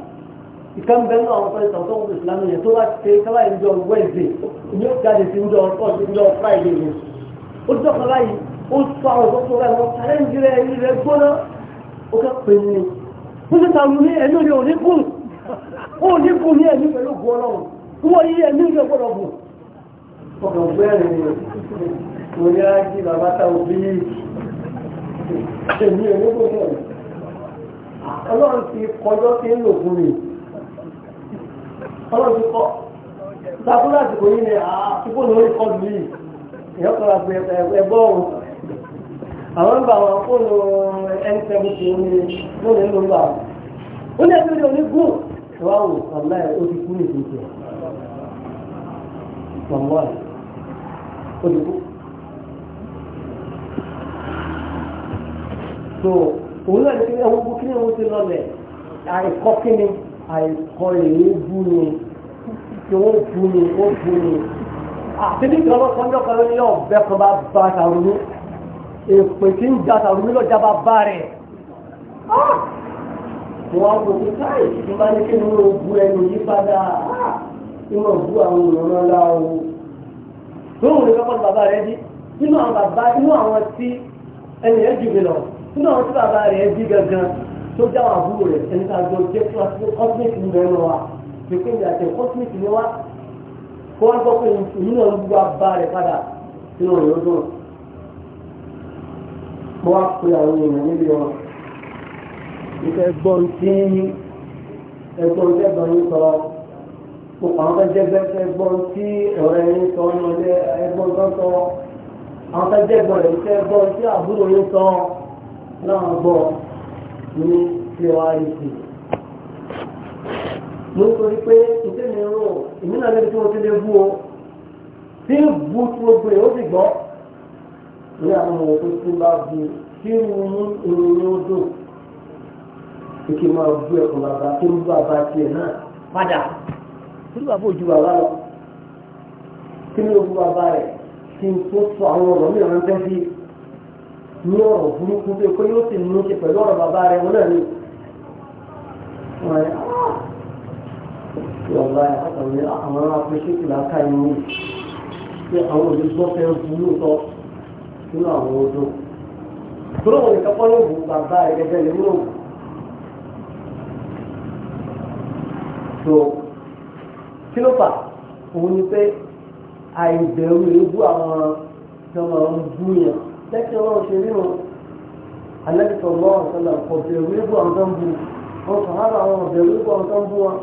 ìkan bẹ́ẹ̀ náà àwọn fẹ́ẹ́ sọ̀tọ́ òun ìsìlámù yẹn tó bá ti ṣe kábàá ìjọ wẹ́ẹ̀dẹ̀ ní ó jáde sí ìjọ ọ̀sẹ̀ ìjọ fúráìdè ni ó jọ kan báyìí ó sọ àwọn tó tó rẹ̀ wọ́n ṣàlẹ́ ìjìrẹ̀ ìrẹ̀ gbóná ó kẹ́ pè ní ó ti tàwọn ní ẹ̀mí rẹ̀ ò ní kù ó ní kù ní ẹ̀mí pẹ̀lú gbọ́n náà wọ́n yí ẹ̀mí rẹ̀ gbọ́dọ̀ bù ọ̀gá mo ní ájí bàbá táwọn bí èmi ò ní kò mọ̀ ọlọ́run ti kọjọ́ tí ń lò fún mi ọlọ́run ti kọ́ gbàgbọ́n àsìkò yìí ni àtúkò lórí kọ́ọ̀dù yìí èèyàn kọ́ra pé ẹgbọ́ òun àwọn ń bá àwọn fóònù n7 ti ní lónìí ló ń bá ó ní ẹgbẹ́ òní gùn ìwà wò ẹ̀ ó ti kú ní ìdíje ọ̀wọ́ ẹ̀ ó ti kú. so òun náà ní kí ẹwọ́n bú kí ni òun ti lọlẹ̀ àìkọ́ kí ni àìkọ́ èyí bú ni kí wọ́n bú ni ó bú ni àti ní ìjọba kọjọ́ kan ló ní ọ̀bẹ kan bá bá àtàrúnú èpè tí ń da àtàrúnú lọ́jà bá bá rẹ̀ wọ́n á gbọ́ pé káì tí bá ní kí ni bú ẹni yí padà tí wọ́n bú àwọn òǹrànlọ́ la o lóhùn ní kọ́kọ́ bàbá rẹ̀ di nínú àwọn bàbá nínú àwọn tí ẹni ẹ̀ jù mí lọ nínú àwọn tí bàbá rẹ̀ bí gangan tó já wà búrò rẹ̀ ẹni tá a jọ jẹ́ kíláàsì cosmic ń bẹ̀rẹ̀ wa pèpè ní àti cosmic ni wá kó wá gbọ́ pé nínú àwọn gbogbo àbá rẹ̀ padà sínú ọ̀rọ̀ dùn. mo wá pe àwọn èèyàn níbi wọn ìfẹ́ gbọ́n tí ẹgbọ́n tẹ́gbọ́n yín sọ mo àwọn fẹ́ jẹ́ bẹ́ẹ̀ gbọ́n tí ọ̀rẹ́ yín sọ ọmọdé ẹgbọ́n tó sọ àwọn fẹ́ gbọ́n tí àbúrò yín sọ láwọn gbọ́ ní tí wá rí sí mo ń torí pé ìpè mi rò èmi náà lẹ́bi tí mo ti lè bú o tí bú tí mo gbé ó sì gbọ́ ní àwọn ọmọ tó ti bá bu tí mo mú ìròyìn ó dùn kí n máa bú ẹ̀kọ́ bàbá tó ń bàbá tiẹ̀ náà padà tí bàbá ò ju bàbá lọ kí ni ó bú bàbá rẹ̀ kí n tó sọ àwọn ọ̀rọ̀ mìíràn tẹ́sí ní ọ̀rọ̀ burúkú tó pé yóò sì mú ṣe pẹ̀lú ọ̀rọ̀ bàbá rẹ̀ wọn náà ni. Ìjọba àtàwọn àwọn apẹ́ṣẹ́kù láká inú pé àwọn òbí gbọ́ fẹ́ burú tọ́ nínú àwọn odò. Tóró wọn nìkan pọ́n yóò bu bàbá rẹ̀ gẹ́gẹ́ lè wúlò. So kí ló fà? Òun ni pé àìbẹ̀rù èébú àwọn tí wọ́n máa ń bú yẹn lẹ́tí ọlọ́run ṣe ríro alẹ́tọ̀ lọ́wọ́ sọ́lá kò bẹ̀rù wíwú àwọn tó ń bu wọn kò hára àwọn bẹ̀rù wíwú àwọn tó ń bu wọn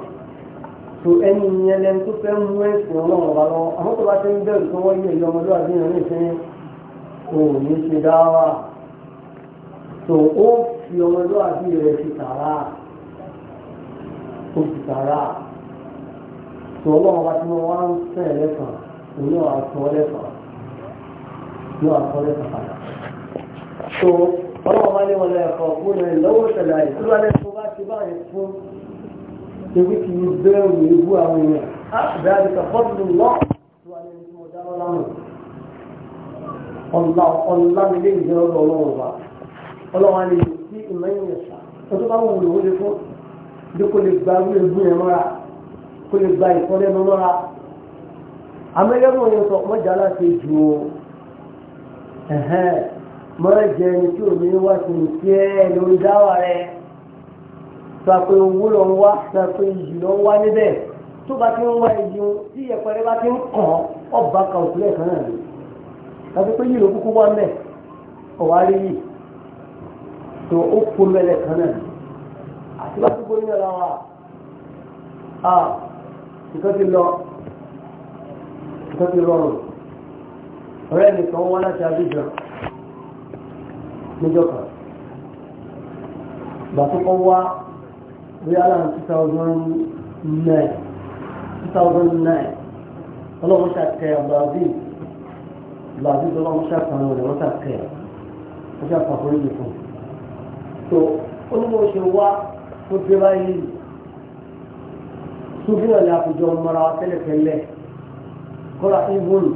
tó ẹni yẹn lẹ́nu tó fẹ́ mú ẹ̀sìn ọlọ́run wa lọ àwọn tó bá ti ń bẹ̀rù tó wọ́n yí ẹ̀yọ́ ọmọlúwàbí yẹn ní ìfẹ́ kò ní yóò àkọọ́lẹ̀ kàkàlà. so ọlọ́wọ́ bá ní wọn lọ ẹ̀kọ́ fún ẹ lọ́wọ́ ìṣẹ̀lẹ̀ àyè tó lálẹ́ tó bá ti báyìí fún ewu kì í bẹ́ẹ̀rù ewu àwọn èèyàn á bẹ̀rẹ̀ kà fọ́ọ̀tù lọ́ ọ̀la ọ̀la nílé ìjẹ́ ọlọ́wọ́ wa ọlọ́wọ́ ni tí ìmọ̀ ìyẹn sá ọjọ́ bá wù lòun lè fún bí kò lè gba orí egun yẹn mọ́ra kò lè gba ìkọ́lẹ́nu mọ́ra amẹ́yẹ́mọ̀ ẹ̀hẹ́n mọ́ jẹ ẹni tí ò ní wá sí ní tiẹ́ lórí dáwà rẹ̀ sọ pé owó lọ ń wá sọ pé ìjì lọ ń wá níbẹ̀ tó bá ti ń wá ìjì wọn tí ìyẹ̀pẹ̀rẹ̀ bá ti ń kàn ọba kan òkúlẹ̀ kan náà ni láti pé yìí ló kúkú wá mẹ́ ọ̀wárí yìí tó ó kó mẹ́lẹ̀ kan náà ni àti bá ti gbóyè lọ wà á nǹkan ti lọ nǹkan ti rọrùn ọ̀rẹ́ nìkan wọ́n láti abidjan níjọ́ kan ìgbà tó kọ́ wá bí aláwọ̀ 2009 2009 ọlọ́run ṣàkẹ́ brazil brazil ọlọ́run ṣàkàn rẹ̀ wọ́n ṣàkẹ́ wọ́n ṣàkàn foríjì fún tó ó ní mo ṣe wá tó dé báyìí tó bí wọn ni àpèjọ mọ́ra tẹ́lẹ̀tẹ́lẹ̀ kọ́ra ibùdó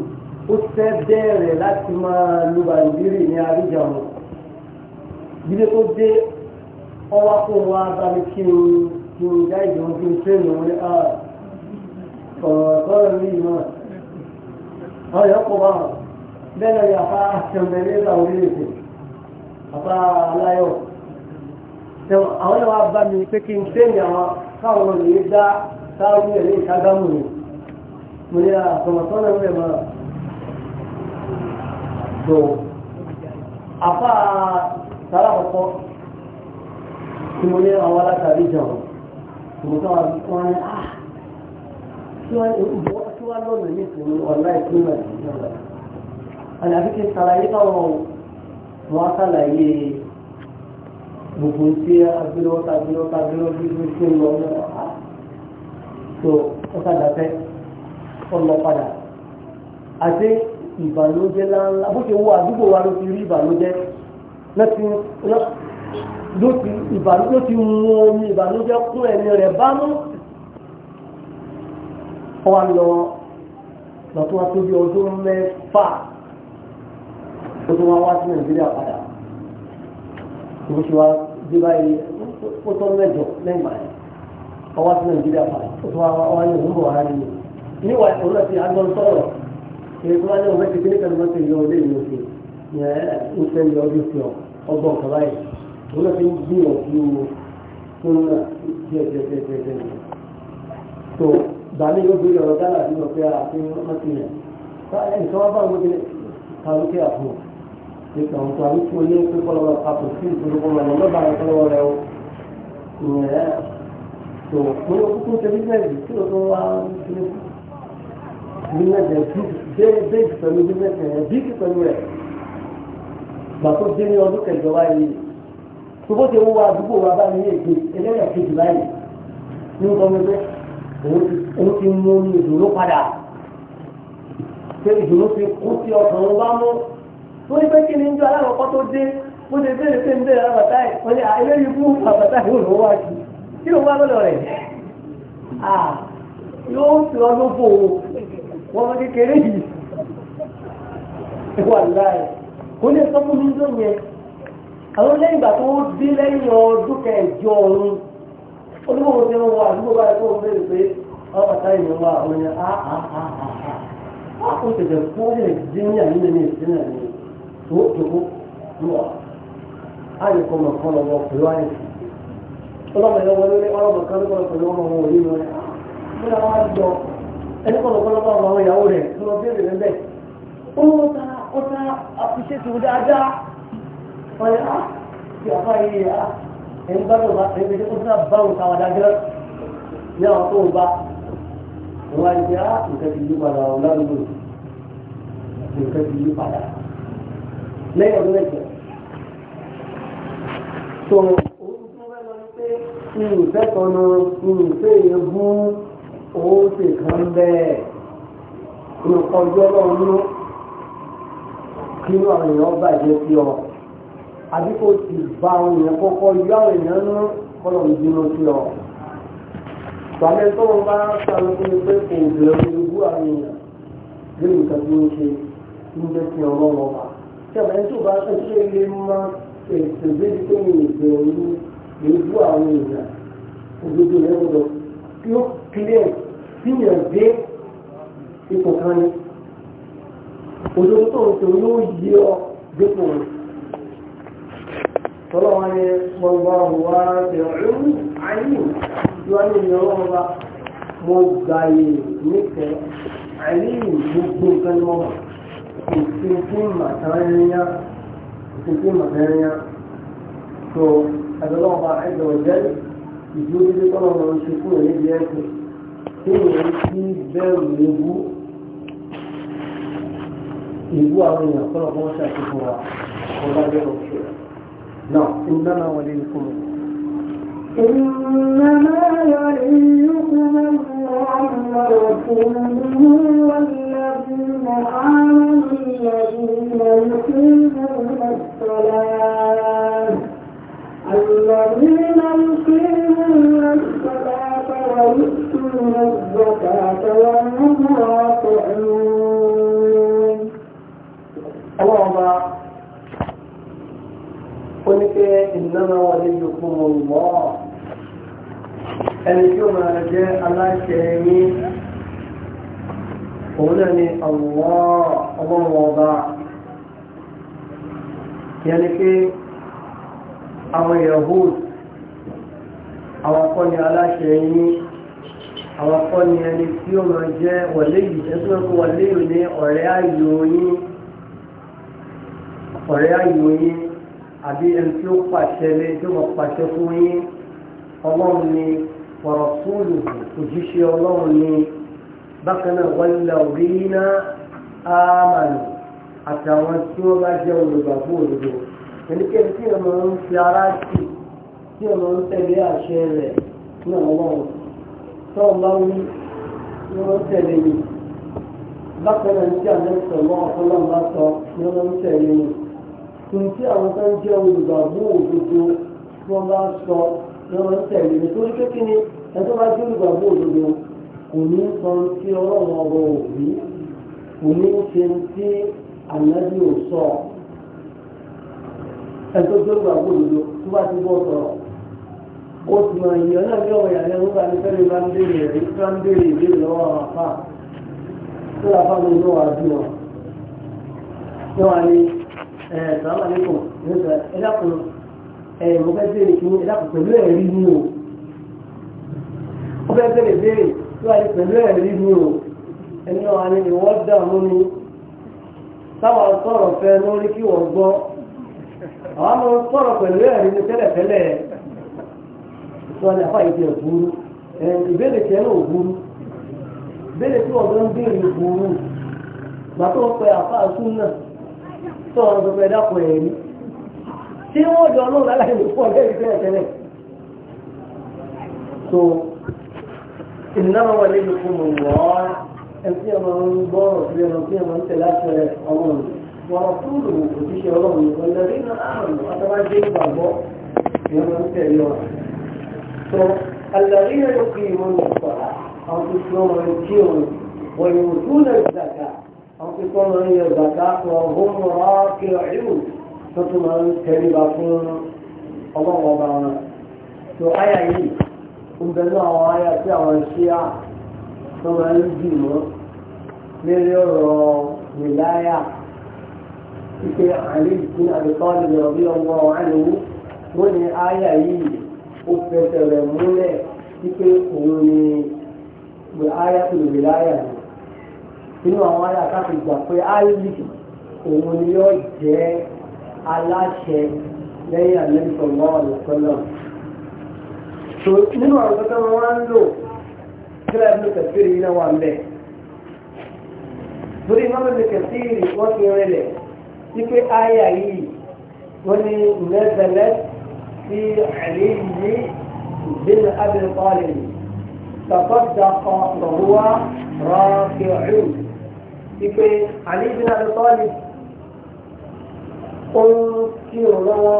ó fẹ́ bẹ̀rẹ̀ láti máa lu bàǹdírì ní àríjà wọn ìdílé tó dé ọwá kó wá bámi kí n kí n dá ìjọ kí n tẹ́ ìrìn wọlé ọ̀rọ̀ ọ̀rọ̀ ní ìmọ̀ àwọn èèyàn kọ̀ wọ́n bẹ́ẹ̀ náà ni àpá àtẹ̀mẹ̀lẹ́ ìgbà orílẹ̀-èdè àpá aláyọ̀ tẹ̀wọ̀n àwọn èèyàn wá bá mi pé kí n tẹ́ ìrìn àwọn káwọn lè dá sáwọn ilé ìkágámù ni mo ní àtọ̀mọ̀tọ́ náà tó afá sára kọ̀kọ́ tí mo ní àwọn alákàrí jọ mo tọ́ wọn ní à ah, kí wọ́n lọ́nà ní ìsinmi ọ̀la ìpínlẹ̀ ìjọba àti àfikẹ́ sàlàyé báwọn wọn sàlàyé gbogbo tí agbélọ́ta agbélọ́ta agbélọ́bí ló ṣe ń lọ náà tó ah, ọ̀sàdàfẹ́ ọlọ́padà àti ìbànújẹ́ láńlá bó ṣe wo àdúgbò wa ló ti rí ìbànújẹ́ ló ti mú omi ìbànújẹ́ kún ẹni rẹ̀ bámú wà lọ lọ́tún wá tóbi ọdún mẹ́fà ó tún wá wá sí nàìjíríà padà ó ṣe wá dé báyìí ó tọ́ mẹ́jọ lẹ́yìn báyìí ọwá sí nàìjíríà padà ó tún wá wá ní òun bọ̀ wá rí mi níwà ìṣòro náà àjọ ń sọ̀rọ̀ èyí tó wá ní ọmọ ti gbé kẹlẹmọ ti yọ ọdẹ ìlú òkè ní ẹ ń fẹ́ yọ ọdún fi ọ ọgbọ́n kaba yìí òun náà ti ń gbìyànjú fún náà díẹ̀ díẹ̀ díẹ̀ díẹ̀ díẹ̀ tó bàálù yóò gbé ọ̀rọ̀ dára sí ọ̀pẹ́ àti ọmọdé yẹn báyìí nǹkan wá bá wọn gbé kálukẹ́ àfọ nípa àwọn tó àlùkò ní pé kọlọ́wọ́ papọ̀ sí ìṣòro kan lọ́wọ́ lọ́ba àwọn kọlọ́wọ́ rẹ o ìyẹn tó ní kúkú nílẹ̀ jẹ́ dé déèkì pẹ̀lú nílẹ̀ jẹ́ díìkì pẹ̀lú rẹ̀ gbà tó dé ní ọdún kẹjọba yìí tòbó ti wọ́n wá àdúgbò wa bá nílé èdè ẹlẹ́yà kejì báyìí ní nǹkan mi pé òun ti mú ní ìdùnnú padà pé ìdùnnú ti kú sí ọkàn wọn bá mú tó ní pé kí ni ń jọ aláwọ̀kọ́ tó dé ó lè bẹ̀rẹ̀ pé ń bẹ̀rẹ̀ àbàtà ẹ̀ wọ́n ní eléyìí fún àbàtà yóò lọ́wọ́ àti kí ló wá lọ́dọ̀ rẹ̀ wọ́n mọ́ kékeré yìí wà láì kò ní sọ fún mi yẹn àwọn lẹ́yìn ìgbà tó dé lẹ́yìn ọdún kẹjọ ọ̀run olúmọ̀wọ́ tí wọ́n wà àdúgbò báyìí tó ń bẹ̀rẹ̀ pé àwọn bàtà ìyẹn wà àwọn yẹn á á á á á ó tẹ̀lé fún ẹ̀ dín ní àyínlẹ̀ ní ìsinmi àyè tó tókó lọ́wọ́ á yẹ kọ́ mọ̀ kọ́ lọ́wọ́ pẹ̀lú àyè ọlọ́mọ ìlọ́wọ́ lórí ọlọ́mọ kan ló kọ́ lọ́wọ́ pẹ̀lú ọmọ wọn ò ẹni kọ́ lọ́pọ̀lọpọ̀ àwọn ìyàwó rẹ̀ tó lọ bẹ́ẹ̀rẹ̀ rẹ̀ bẹ́ẹ̀ ó ta ó ta àfiṣètò dáadáa wọ́n yẹ á ti àfa yìí á ẹ̀ ń bá lọ bá ẹ̀ ń bẹ́ẹ̀ tó sá bá òun táwọn adájọ́ ní àwọn tó ń bá wọ́n á yẹ á ah, nǹkan ti yí padà ọ̀hún lárúgbó nǹkan ti yí padà lẹ́yìn ọdún mẹ́jọ. tó òun tó fẹ́ lọ ní pé mi ò fẹ́ tọ́nu ó sì kàn bẹ́ẹ̀ ní ọjọ́ náà kí àwọn èèyàn bàjẹ́ sí ọ àbí kò sì bá àwọn èèyàn kọ́kọ́ yọ àwọn èèyàn nú kọ́lọ̀ ń sí ọ. Ìgbàlẹ̀ tó ń bá sáré fún mi pé kò bẹ̀rù irú àwọn èèyàn lórí nǹkan tí ó ṣe ń jẹ́ kí ọ̀rọ̀ wọn wà. Tí àwọn ẹni tó bá ṣe ṣe lè máa ètò ìbéèrè tó ń bẹ̀rù irú àwọn èèyàn òdodo rẹ̀ gbọdọ̀ kí ó clear tíyàn dé ipò kan ni òdodo tó ń tòun yóò yí ọ dépò rẹ̀ tọ́lọ́ wọn ni wọ́n wá wá ẹ̀rọ ayé ìjọ ayé ni ọlọ́run bá mo gbàyè nífẹ̀ẹ́ ayé gbogbo nǹkan ni wọ́n òfin tí màtàrẹ́yà tó ẹ̀rọ ọba ẹ̀jọ̀ jẹ́ ìdúró dídí tọ́lọ́ ṣe fún ẹ̀ téèyàn ti bẹ̀rù ewu ìlú àwọn èèyàn kọ́nà kọ́ ṣàtìkù wa ọba bẹ̀rù ṣe náà ìnáná wọlé ní kúrò. إنما يعيكم الله ورسوله والذين آمنوا الذين يقيمون الصلاة الذين يؤتون الزكاة وهم راكعون الله قلت إنما وليكم الله الجمعة جاء الكريم قلني الله الله وضع يعني في أو يهود أو قلني على شيء àwọn kọ́ ni ẹni tí ó máa jẹ́ wọlé yìí ẹ̀sùn ẹ̀kọ́ wọlé yìí ní ọ̀rẹ́ ayò yín ọ̀rẹ́ ayò yín àbí ẹni tí ó pàṣẹ lé tí ó máa pàṣẹ fún yín ọlọ́run ni ọ̀rọ̀ fúlù òjíṣẹ́ ọlọ́run ni bákan náà wọ́n lọ rí iná ámàlù àtàwọn tí wọ́n bá jẹ́ olùgbàgbọ́ òdodo ẹni tí ọmọ ń fi ara sí tí ọmọ ń tẹ̀lé àṣẹ rẹ̀ ní ọlọ́run sọ̀rọ̀ bá wí ni wọ́n tẹ̀lé mi bákan náà tí àná sọ̀rọ̀ ọ̀pọ̀lọ́ bá sọ ni wọ́n tẹ̀lé mi tòun tí àwọn tó ń jẹ́ olùgbàgbọ́ òdodo tí wọ́n bá sọ ni wọ́n tẹ̀lé mi torí pé kí ni ẹjọ́ bá jẹ́ olùgbàgbọ́ òdodo kò ní sọ tí ọlọ́run ọ̀rọ̀ òbí kò ní ṣe tí ànábì ò sọ ẹjọ́ jẹ́ olùgbàgbọ́ òdodo tó bá ti bọ́ sọ̀rọ̀ ó ti mọ èèyàn náà yọ̀ ọ̀yà lẹ́nu nígbà tí fẹ́mi bá ń béèrè ẹ̀rí bá ń béèrè ìbéèrè lọ́wọ́ àwọn afá tó lọ afá mi lọ́wọ́ àbí wọn. wọ́n wá ní ẹ̀ sàlámà lẹ́kùn ní sọ ẹ dákun ẹ̀ mo fẹ́ béèrè kí ẹ dákun pẹ̀lú ẹ̀rí ni o. ó fẹ́ béèrè béèrè tó wà ní pẹ̀lú ẹ̀rí ni o. ẹni wọn ni ìwọ́ dààmú ni táwọn sọ̀rọ̀ fẹ́ lórí kí wọ́n gbọ́ àwọn tí wọ́n lè fà ìdí ẹ̀ burú ìbéèrè tiẹ̀ náà ò burú ìbéèrè tí wọ́n gbọ́n béèrè burú gbà tó ń pẹ àfáà sún náà tó wọn sọ pé dákun ẹ̀ ní tí wọ́n jọ lóun lálẹ́ ìlú fún ọjọ́ ìfẹ́ ẹ̀tẹ́lẹ̀ so ìnáwó wọlé ló fún mi wọ́n ẹtí ọmọ ń gbọ́ ọ̀sẹ̀ ọmọ tí ọmọ ń tẹ̀lé àṣẹ ọmọ rẹ̀ wọ́n fún lòun kò tíṣe ọlọ́run ìwọ̀n náà àrùn àtàwọn ajé ìgbàgbọ́ ìyọ́n ń tẹ̀lé ọ̀rọ̀ الذين يقيمون الصلاة أو تسلمون الجيون ويؤتون الزكاة أو تسلمون الزكاة وهم راكعون تسلمون كلمة الله وضعنا تو آية يلي ìbẹ̀lú àwọn ayá tí àwọn iṣẹ́ à tó máa ń dì mọ́ lérí ọ̀rọ̀ nìláyà ìpé àlè ìpín àdìkọ́ ìrọ̀bí ọmọ ọ̀hánìwó wọ́n ní ayá yìí ó fẹsẹ̀ rẹ̀ múlẹ̀ wípé òun ni pé áyà lè láyà ni nínú àwọn áyà káfí gbà pé áyì òun ni yóò jẹ́ aláṣẹ lẹ́yìn àlẹ́sọ̀ mọ́ ọ̀nà sọ́nà. nínú àwọn tó tẹ́wọ́n wá ń lò kílá ìlú kẹsìrì yìí náà wà ń bẹ̀. torí mọ́mọ́ ìlú kẹsìrì wọ́n fi rinlẹ̀ wípé áyà yìí wọ́n ní mẹ́sẹ̀lẹ́sì في علي بن أبي طالب تصدق وهو راكع ipe Ali bin Abi Talib ó ń kírun lọ́wọ́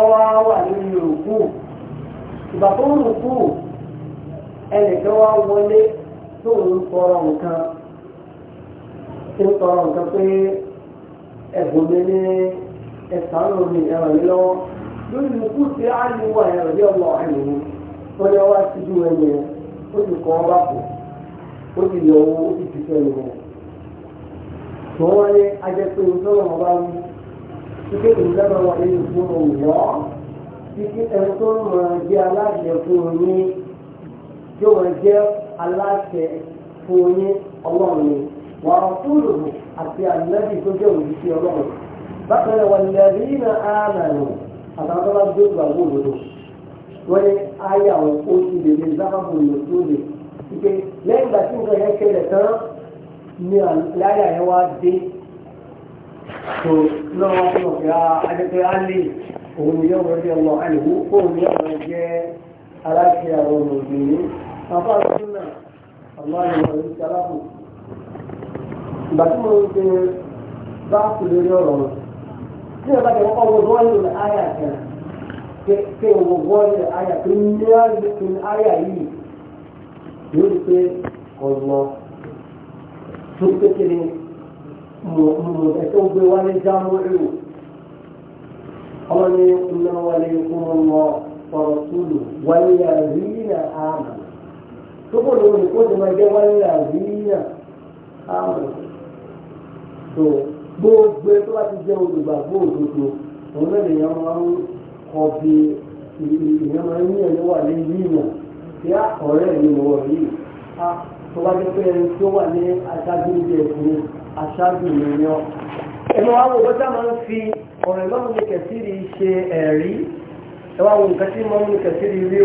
ọwọ́ wà lórí òkú ìgbà tó ń rùkú ẹnìkan wá wọlé tó ń tọrọ nǹkan tó ń tọrọ nǹkan pé ẹ̀bùn mi ní ẹ̀sánú mi ẹ̀rọ mi lọ́wọ́ lórí ikú tí a ní wà ẹ̀rọ bí ọmọ àyẹ̀wò wọn ni wọ́n ti dùn ẹ̀yẹ ó ti kọ́ ọ́ bá kù ó ti yọ owó ó ti ti fẹ́ lọ. tó wọ́n ní ajẹ́pé ìṣọ́nà wọn bá wí ike ìdáná wọn èyí fún òwúrọ̀ ike ẹni tó ń mọ̀ jẹ́ aláṣẹ fún yín yóò wọ́n jẹ́ aláṣẹ fún yín ọlọ́run ni wàá fúlùú àti ànábì tó jẹ́ òjijì ọlọ́run bákan náà wọ́n lè rí iná àmàlù àtàwọn tó bá gbé ìgbàgbọ́ òdodo wọ́n ní ayé àwọn oṣù lèlè zábàbò lòtú lè ike lẹ́yìn ìgbà tí nǹkan yẹn kẹlẹ̀ tán ni láyà yẹn wá dé tó náà wá fún ọ̀gá adẹ́tẹ́ ah, alẹ́ òun ni yọ̀wọ̀ ẹgbẹ́ ọmọ àlèwò òun ni yọ̀wọ̀ ẹgbẹ́ aláṣẹ àwọn ọmọ òbìnrin àbá súnà àwọn àyẹ̀wò ìṣàlàbù ìgbà tí mo ń ṣe báàkì lórí ọ̀rọ̀ tí o bá tẹ̀ kọ́kọ́ wo bọ́ọ̀lù àyà kan pé o wo bọ́ọ̀lù àyà tó ní ọ̀lùkùn àyà yìí yóò di pé ọ̀lọ́ tó kékeré mọ̀ ẹ̀tọ́ gbé wálé jámọ́ rèé ọmọdé iná wálé fún ọmọ ọ̀rọ̀ túlù wálé àríyìn àmà tó kò lóun kó tó máa jẹ́ wálé gbogbo tó bá ti jẹ́ olùgbàgbọ́ òdodo òun náà lèèyàn máa ń kọ bí èèyàn máa ń ní ẹni wà ní yíyan tí á ọ̀rẹ́ mi wọ̀ yìí á tó bá jẹ́ pé ẹni tó wà ní aṣáájú níbi ẹ̀sìn aṣáájú mi ni ẹnu wa wo máa ń fi ọ̀rẹ́ lọ́rùn ní kẹ̀síìrì ṣe ẹ̀rí ẹ wá nǹkan tí mo ń kẹ̀síìrì rí o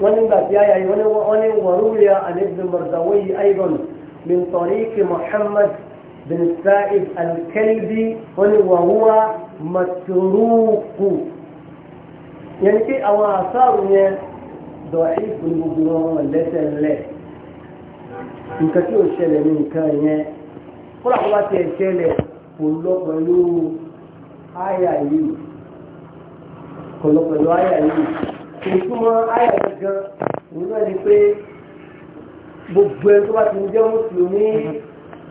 wọ́n nígbà tí àyà wọ́n ní wọ́n ní wọ̀rúwìyà àlejò mọ̀rọ̀dàwọ́ yìí بن سائب الكلبي وهو متروك يعني في أواصر ضعيف المجرم ليس له من كثير الشلة من كان كل أخوات الشلة كله قالوا آية يو كله قالوا آية يو ثم آية يو ونقول لك gbogbo ẹ tó bá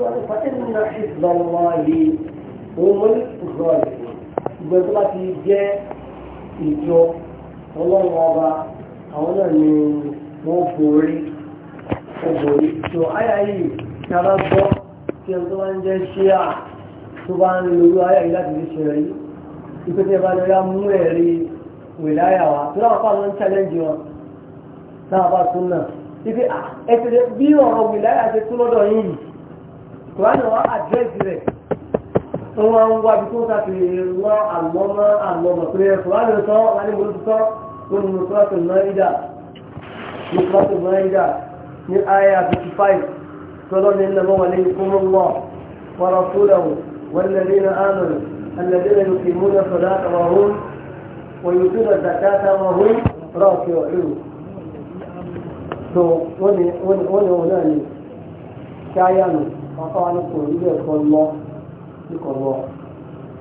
الغالب فإن حزب الله هم الغالبون gbogbo bá ti jẹ́ ìjọ ọlọ́run ọba àwọn náà ni wọ́n borí wọ́n borí tó àyà yìí tí a bá gbọ́ kí ẹni tó bá ń jẹ́ ṣíà tó bá ń lo irú àyà yìí láti fi ṣe rẹ̀ yìí ipe tí ẹ bá lọ yá mú ẹ̀rí wìláyà wa tó láwọn fáwọn ń challenge wọn láwọn bá tún náà ipe ẹ ti bí ọ̀rọ̀ wìláyà ti tún lọ́dọ̀ yìí kùránì wọn àdírẹ́sì rẹ̀ wọn ń wá bí tó ń sàfi lọ àlọ́mọ àlọ́mọ pé kùránì sọ wọn ni mo ti sọ wọn ni mo sọ tó náà ìdá mo sọ tó náà ìdá ní àyà fifty five tọ́lọ́ ní ẹnlẹ́mọ́ wọn lẹ́yìn fún mọ́ wọn rọ fúlẹ̀ wọn wọn lẹ́yìn náà ánà الذين يقيمون الصلاة وهم ويؤتون الزكاة وهم راكعون so wọ́n ni wọ́n náà ni ṣáyà nù wọn fáwọn ní kò nílé ẹ̀kọ́ lọ ní kò lọ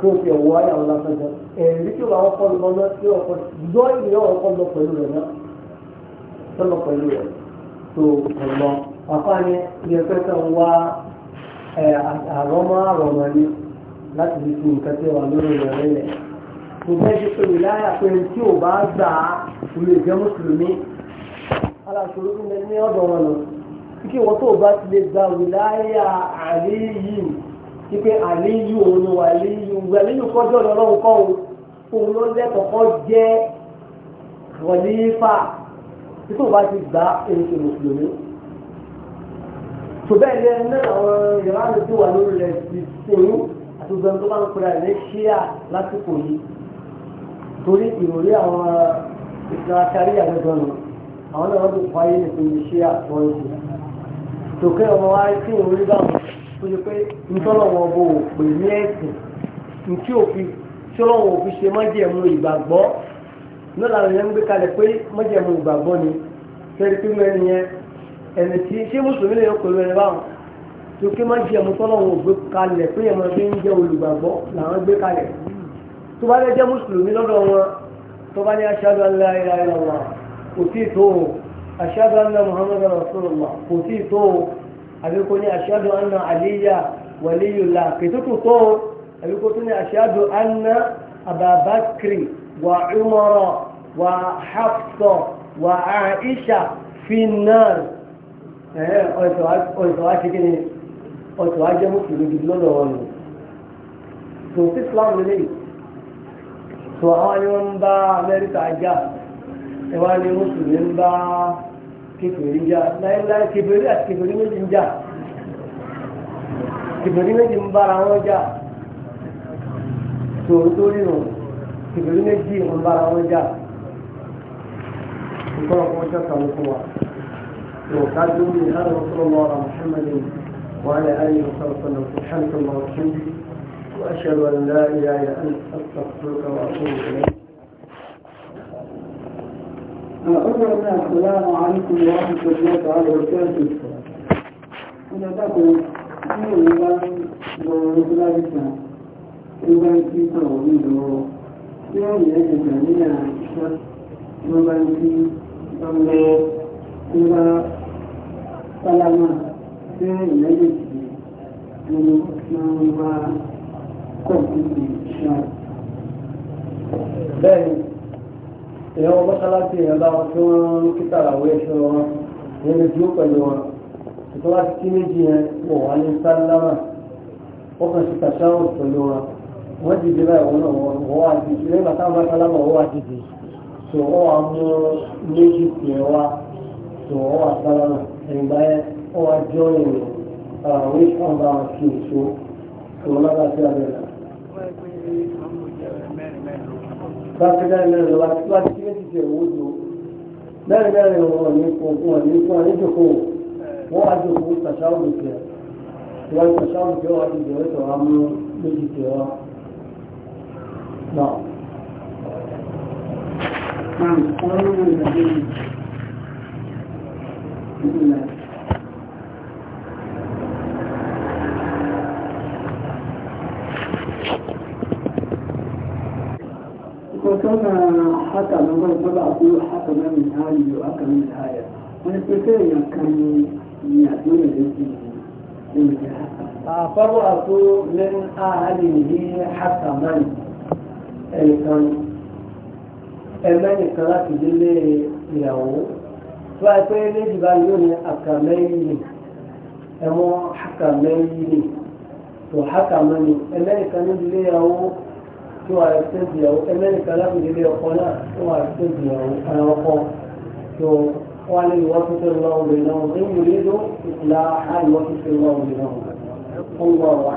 kí o ti ẹ̀wọ́ ayàwó lásán ẹ̀rí tí o máa kọ́ lọ náà tí o kọ́ yọ ìyá ọ̀rọ̀ kọ́ lọ pẹ̀lú rẹ̀ náà tó lọ pẹ̀lú rẹ̀ tó kò lọ àfáàní ilé ẹ̀fẹ́ tó ń wá àrọ́mọ́ àrọ̀mọ́ ni láti fi fi nǹkan tí wà lórí rẹ̀ rẹ̀ kò fẹ́ ṣe pé ìláyà pé tí o bá gbà á o lè jẹ́ mùsùlùmí aláṣọ ní ọ̀dọ̀ wọn lọ kí wọ́n tó bá ti lè gba wìláyà àlíyù wípé àlíyù òun wà àlíyù àlíyù kọjọ́ lọ́wọ́ kọ́ òun òun ló lẹ́tọ̀ọ́ kọ́ jẹ́ wọ̀lífà tí tó bá ti gba èsì mùsùlùmí. ṣùgbọ́n ilé náà àwọn ìrànlọ́ ti wà lórí rẹ̀ ti sèyún àti gbẹ̀m tó bá ń pera rẹ̀ ṣíà lásìkò yìí torí ìròrí àwọn ìsìláṣárí àgbẹ̀dọ́nù àwọn náà wọ́n ti pa ayé nìkan ṣíà wọ́n ń tòkè ọmọ wa tí òun rí báwọn tó ṣe pé ntọ́lọ́wọ́ bò ó pè ní ẹ̀sìn ntí òfin tọ́lọ́wọ́ òfin ṣe májẹ̀mú ìgbàgbọ́ náà làwọn yẹn ń gbé kalẹ̀ pé májẹ̀mú ìgbàgbọ́ ni fẹ́ẹ́ pé mú ẹni yẹn ẹni tí ṣé mùsùlùmí lè yọ pẹ̀lú ẹni báwọn tòkè májẹ̀mú tọ́lọ́wọ́ gbé kalẹ̀ pé ẹ̀mọ́ fi ń jẹ́ olùgbàgbọ́ làwọn gbé kalẹ̀ tó bá lè jẹ́ mùsùlùmí lọ́dọ̀ wọn tó bá ní aṣáájú aláìláìlá wọn kò tí ì tó òun أشهد أن محمد رسول الله قتيتو أبيكوني أشهد أن علي ولي الله قتيتو تو أبيكوني أشهد أن أبا بكر وعمر وحفصة وعائشة في النار ọ̀sọ̀wá ṣe kí ni ọ̀sọ̀wá jẹ́ mùsùlùmí gidi lọ́dọ̀ wọn ni tó sí Islam lè tó àwọn ni wọ́n ń bá Amẹ́ríkà jà ẹ̀wá ni mùsùlùmí ń bá kèfèrí ń jà láéláé kèfèrí àti kèfèrí méjì ń jà kèfèrí méjì ń bára wọn jà tòun tó rí rùn kèfèrí méjì ń bára wọn jà nǹkan ọkọ̀ ọjọ́ kan fún wa lọ ká dúró ní hàn wọn fún ọmọ ọ̀rọ̀ Muhammad وعلى آله وصحبه وسلم سبحانك اللهم وبحمدك وأشهد أن لا إله إلا أنت أستغفرك وأتوب إليك أولا السلام عليكم ورحمة الله تعالى وبركاته أنا تقول أنا أولا ورسول الله ìgbà tí sọ̀rọ̀ nílò tí ó yẹ ìgbà nílà ìṣẹ́ ló bá ń fi ọmọ tí bá sálámà tí ó yẹ ìgbà nínú máa ń wá kọ̀ọ̀kì ìṣẹ́. Bẹ́ẹ̀ni èèyàn wọn mọ́sálásí èèyàn bá wọn tí wọ́n ń kíta àwọn ẹ̀ṣọ́ wọn ní ẹni dúró pẹ̀lú wọn ìtọ́ wá kí méjì yẹn wọ̀ wá ní sálámà wọ́n kàn sí tàṣáwọ̀ pẹ̀lú wọn wọ́n dìde báyìí wọn náà wọ́n wá dìde lẹ́yìn bàtà wọn bá sálámà wọ́n wá dìde tó wọ́n wá mú méjì tiẹ̀ wá tó wọ́n wá sálámà ẹ̀yìn báyẹn wọ́n wá jọ́ ìrìn àwọn ìṣọ́ bákan náà náà lọ́wọ́ tí wọ́n ti méjì ṣe owó jù mẹ́rin mẹ́rin wọn ní kún fún wọn ní fún wọn ní jòkó wọ́n wá jòkó tàṣáwùn ìṣẹ́ wọ́n tàṣáwùn ìṣẹ́ wọn ti bẹ̀rẹ̀ tọ̀ wá mú méjì ṣe wá. Náà. Àwọn ọmọ náà lè dàgbé mi. وكان حتى لما طلع فيه حتى من هاي وأكل من هاي ونسيتين كان يأتون الجنسي فرأة من أهله حتى من ẹnìkan ẹmẹ́nìkan láti délé ìyàwó tó a pé méjì bá yóò ní àkàmẹ́yìnì ẹ̀wọ̀n àkàmẹ́yìnì tó àkàmẹ́yìnì ẹmẹ́nìkan ní délé ìyàwó tó wà lè tẹ́jú ìyàwó ẹlẹ́rìí kan lábùdé ilé ọkọ náà tó wà lè tẹ́jú ìyàwó ara ọkọ tó wà lè wọ́n tó tẹ́lú lọ́wọ́ lè náà ní ìwé ló ìlà àìwọ́n tó tẹ́lú lọ́wọ́ lè náà ó ń wọ̀ wá.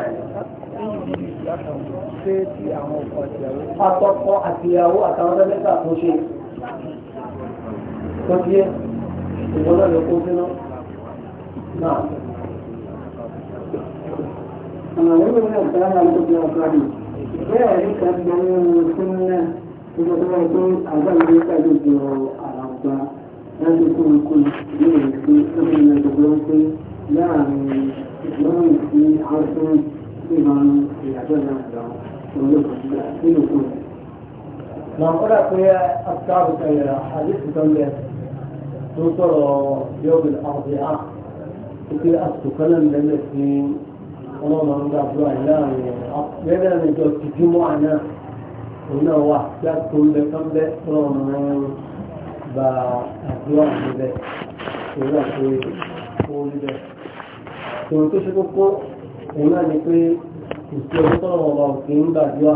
Atọ́kọ àtìyàwó àtàwọn ẹlẹ́ta tó ṣe. Tó díẹ̀, ìgbọ́dọ̀ lè kó sínú. Náà. Àwọn ìwé náà dáná ló bí ọgbà nìyí. ذلك من سنة ìgbàgbọ́ àgbàlẹ̀ ìpàdé ìjọ àràgbà láti kó ikú yóò fi sọ́kùnrin náà gbogbo ń pé láàrin lọ́rùn sí aṣọ ìbọn ìyàtọ̀ náà lọ olóògbé nínú kúrò. Màá kọ́dà pé àtàwọn ẹ̀yà àdéhùn tó ń bẹ tó sọ̀rọ̀ yọ̀bìlì àwọn ìyá ìpè àtùkọ́lẹ̀ ń bẹ̀rẹ̀ sí wọ́n máa ń gbàdúrà láàrin ẹ̀rọ bẹ́ẹ̀ ni ìjọ tìjúmọ́ àná òun náà wà láti ń bẹ kán bẹ́ wọ́n máa ń gba àdúrà níbẹ̀ òun àti orí bẹ́ẹ̀. tòun tó ṣe kókó òun náà ni pé kò sí ọdún tọ́lọ̀ wọn wà òkè ń gbàdúrà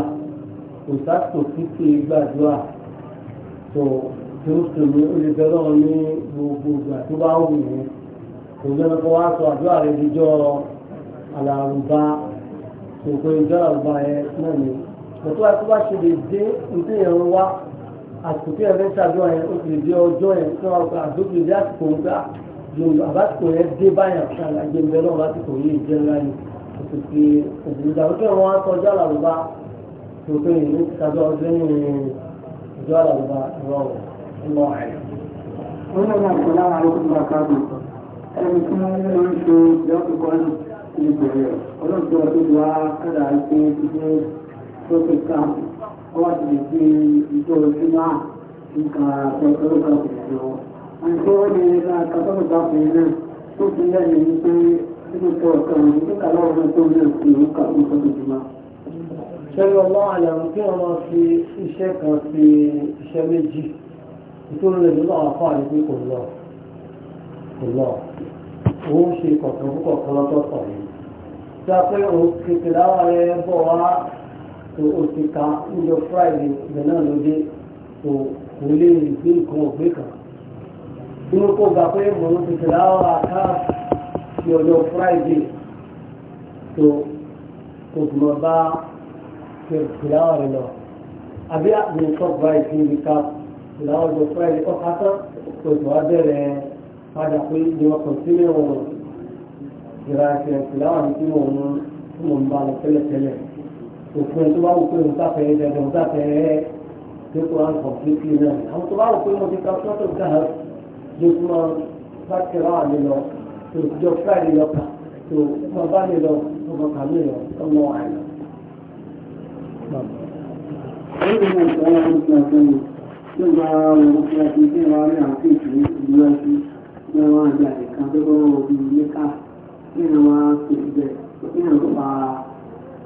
kò sásìkò sí kì í gbàdúrà tó tó tó ní olùfẹ́ lọ́wọ́ ní gbogbo ìgbà tó bá wù ú òun náà wá sọ àdúrà rẹ̀ díjọ́ ọ àlàrúbá òkú ìjọ àlàrúbá yẹn náà ni òtún àti wá ṣe lè dé ìdí yẹn wá àtúntò yẹn fẹ́ ṣàdúrà yẹn ó ti lè dé ọjọ́ yẹn fún àwọn àdókò ìdí àsìkò ń gbà lòlù àbátìkò yẹn dé báyà ṣàlàyé ń bẹ lọ́wọ́ àtìkò yìí jẹ́ ńlá ni òtún fi òbí ìjà òkè wọn á tọjọ́ àlàrúbá òkú yìí ní ṣàdúrà ọjọ́ yẹn ìjọ àlàrúbá ìrọ̀rùn ọmọ àyè. wọ́n yẹ nítorí ẹ̀ ọlọ́dún tó wá kára pé títí tó ti ká ọwọ́ ti lè fi ìjọ ìṣúná nǹkan ọlọ́dún kò sí ọ. àti wọ́n ní ẹ̀ka kátọ́lù bá fi náà tó fi lẹ́yìn ní pé nínú tó ọ̀kan nígbà lọ́wọ́ náà tó ní òkè òun kà ó sọ́dún jùlọ. ṣẹlẹ̀ ọmọ àlàmù kí wọ́n máa fi iṣẹ́ kan fi iṣẹ́ méjì nítorí rẹ̀ nínú àwọn afáàrí pé kò lọ kò lọ òun ṣe kọ̀ọ̀kan púpọ̀ kan lọ́tọ̀ọ̀tọ̀ yìí tí a pé o tètè láwọn rẹ bọ̀ wá tó o ti ka níjọ friday ibẹ̀ náà ló dé tó kò lè gbé nǹkan ọ̀gbẹ́ kan inú kó gbà pé mo ń tètè láwọn àká ti ọjọ́ friday tó kò tó lọ bá tètè láwọn rẹ lọ àbí àbùn tó gba ìpín ìka ìlànà ìra ìṣẹ̀lẹ̀ ìṣẹ̀láwà ní tí mò ń tí mò ń bá lọ tẹ́lẹ̀tẹ́lẹ̀ òfin tó bá wù pé òun sáfẹ́ dandan òun sáfẹ́ tó kó àwọn kọ̀ǹpútì náà àwọn tó bá wù pé wọ́n ti ka sọ́tò gáà ló fún wọn bá tẹ̀láwà mi lọ tó jọ fúláìdì lọ kà tó ọmọ bá mi lọ ọmọ kà mí lọ ọmọ àyà. Nígbà wo ni a ti ń ra ní àti ìṣòro ìlú ẹ̀sìn, ní ọ̀rọ̀ àgbà ìkan tó bọ́ wọ́n bí ní káà. nínú wa ṣe ìjẹ nínú pa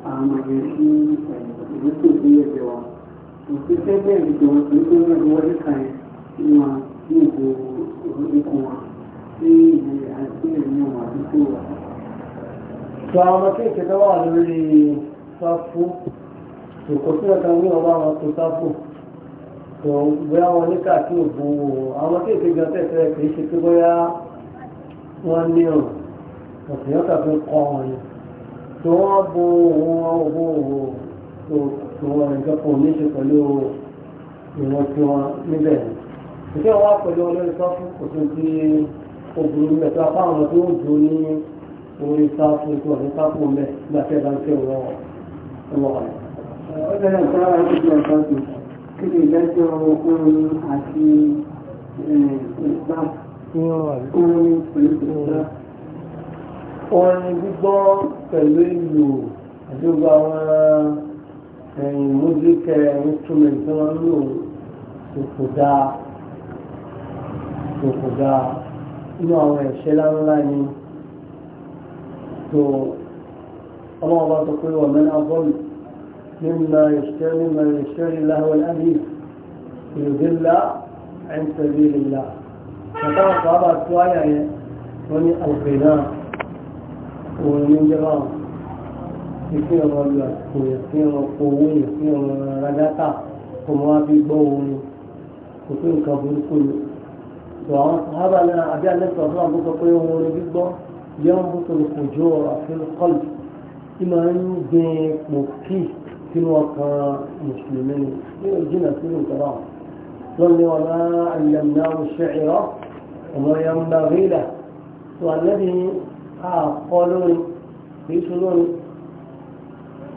àwọn ẹ̀yẹ sí ìlúkò sí ẹ̀jẹ̀ wa òfin tẹ́lẹ̀ ìjọ ìlúkò náà ló wọlé ka ẹ̀ nínú wa ní ìbò ikú wa sí ìlú àti ìlú wa àdúgbò wa. sọ àwọn ọmọ kéèké tó wà lórí sáfù kò sí ọ̀gá ní ọba wọn tó sáfù tó bóyá wọn ní káàkiri òbò àwọn kéèké gan tẹ̀sẹ̀ kì í ṣe pé bóyá wọ́n ní ọ̀rùn ọ̀sìn yọ́ta fi kọ́ wọn ni tó wọ́n bó wọn owó owó tó wọn nǹkan ní ṣe pẹ̀lú ìwọ̀n tí wọn níbẹ̀ ìṣe wọn pẹ̀lú olórí sáfù kò tó ti obìnrin rẹ̀ tó apá àwọn tó ń dùn ní orí sáfù tó wà sáfù mẹ́ gbàtẹ́ bá ń tẹ̀ wọ́n ọlọ́wọ́ rẹ̀. ọ̀sẹ̀ náà sára ti di ọ̀sán tó kí lè dájọ́ ọkùnrin àti ìgbà orin pẹ̀lú ìgbà òun ni gbígbọ́ pẹ̀lú ìlú àti gbogbo àwọn ẹ̀yìn eh, mújíkẹ́ eh, instrument tí wọ́n lò kò dáa kò dáa inú àwọn ẹ̀ṣẹ̀ láńlá ni tó ọlọ́wọ́ bá sọ pé wọ́n mẹ́rin abọ́ọ̀lù مما يشتري ما يشتري له الحديث ليضل عن سبيل الله فترى الصحابة السوايا هي الغناء òun ní jọba ìfín ọmọ lu àsìkò ìfín ọmọ kó owó ìfín ọmọ rádátà ọmọ wa fi gbọ́ orin kò tó nǹkan burúkú ni tó àwọn sábà náà àbí alẹ́sọ̀ fún àwọn sọ pé ohun orin gbígbọ́ yẹn ń bùtò kò jó àfihàn kọ́lù tí máa ń gbin pòkì sínú ọkàn mùsùlùmí ni ní òjìnà sínú ìtọ́lá lọ́nà wọn náà àyàmì náà ń ṣe ìrọ́ ọmọ yẹn ń bá rí rà tó àlẹ́ àkọ lórí kì í ṣe lórí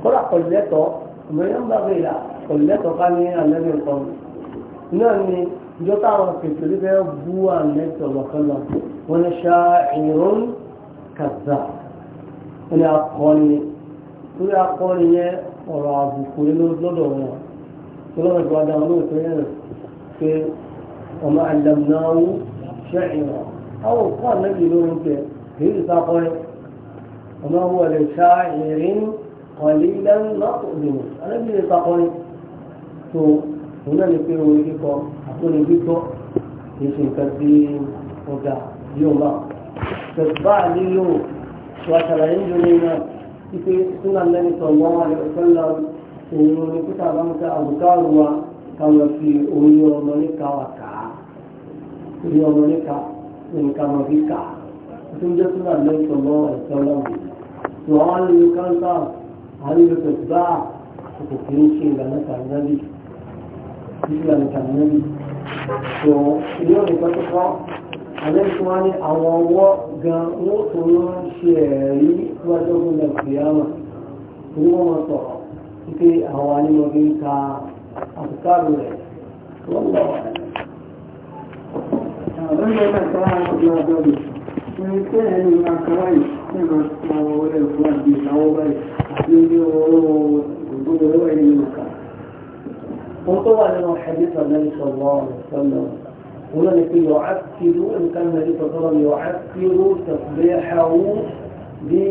kódà kọ̀lẹ́tọ̀ ọ̀mọ̀yán bá bẹ̀rẹ̀ kọ̀lẹ́tọ̀ ká ní àlẹ́bí nǹkan náà ni ìjọ táwọn kẹsìrì bẹ́ẹ̀ bú àlẹ́tọ̀ lọ́kọ́lọ́ wọn ni ṣá ìrún kàzà wọn ni akọni lórí akọni yẹn ọ̀rọ̀ àbùkù lọ́dọ̀ wọn lọ́dọ̀ ìgbà dáhùn lóòótọ́ yẹn pé ọmọ àdàmúnáwó ṣẹ́ ìrọ̀ àwọn òkú àlẹ́bí lórí ń tẹ̀ kìí sàkọrẹ ọmọ wọn lè ṣá ìrìn kọlílẹ̀ lọ́kùnrin alábi lè sàkọrẹ tó òun náà ní pé orin kíkọ àkóni gbígbọ́ kìí ṣe nǹkan tí ọ̀gá yóò máa tẹ̀síbá lílo ṣàṣàlàyé ìjọba náà wípé súnà lẹ́ni sọ̀gbọ́n àlẹ́ òṣèlú òun ní kíkà bá ń ká àbùkárù wa káwọn fi orí ọmọ níkà wà ká orí ọmọ níkà òun ká wọn fi kà á tó jẹ́ tó náà lẹ́yìn tó lọ́wọ́ ẹ̀sẹ̀ ọlọ́run tó àwọn àlejò káńtà àlejò tó bá kò kí ń ṣe ìlànà tàbí ìlànà tàbí tó ilé ònìkan tó kọ́ àlejò tó wá ní àwọn ọwọ́ gan wọ́n tó ń ṣe ẹ̀rí wájú ọdún lẹ́kùnrin tó wọ́n mọ̀ sọ̀rọ̀ wípé àwọn àlejò fi ń ka àbùkárù rẹ̀ wọ́n lọ́wọ́ rẹ̀. Àwọn ọmọ ẹgbẹ́ náà sọ́ra ọjọ́ ọjọ́ yìí ní pé ẹni àkàrà ìṣẹ́gbà pa ọwọ́lẹ̀ fún àti ìṣàwọ́ báyìí àti ní ọwọ́ ìgbógbòwò ẹni nìkà. wọ́n tó wà nínú hadith Ànábì sallallahu alaihi wasallam wọ́n ní pé yọ̀ ákìrú nǹkan mẹ́rin tọ́tọ́rọ̀ yọ̀ ákìrú tasbihahu bí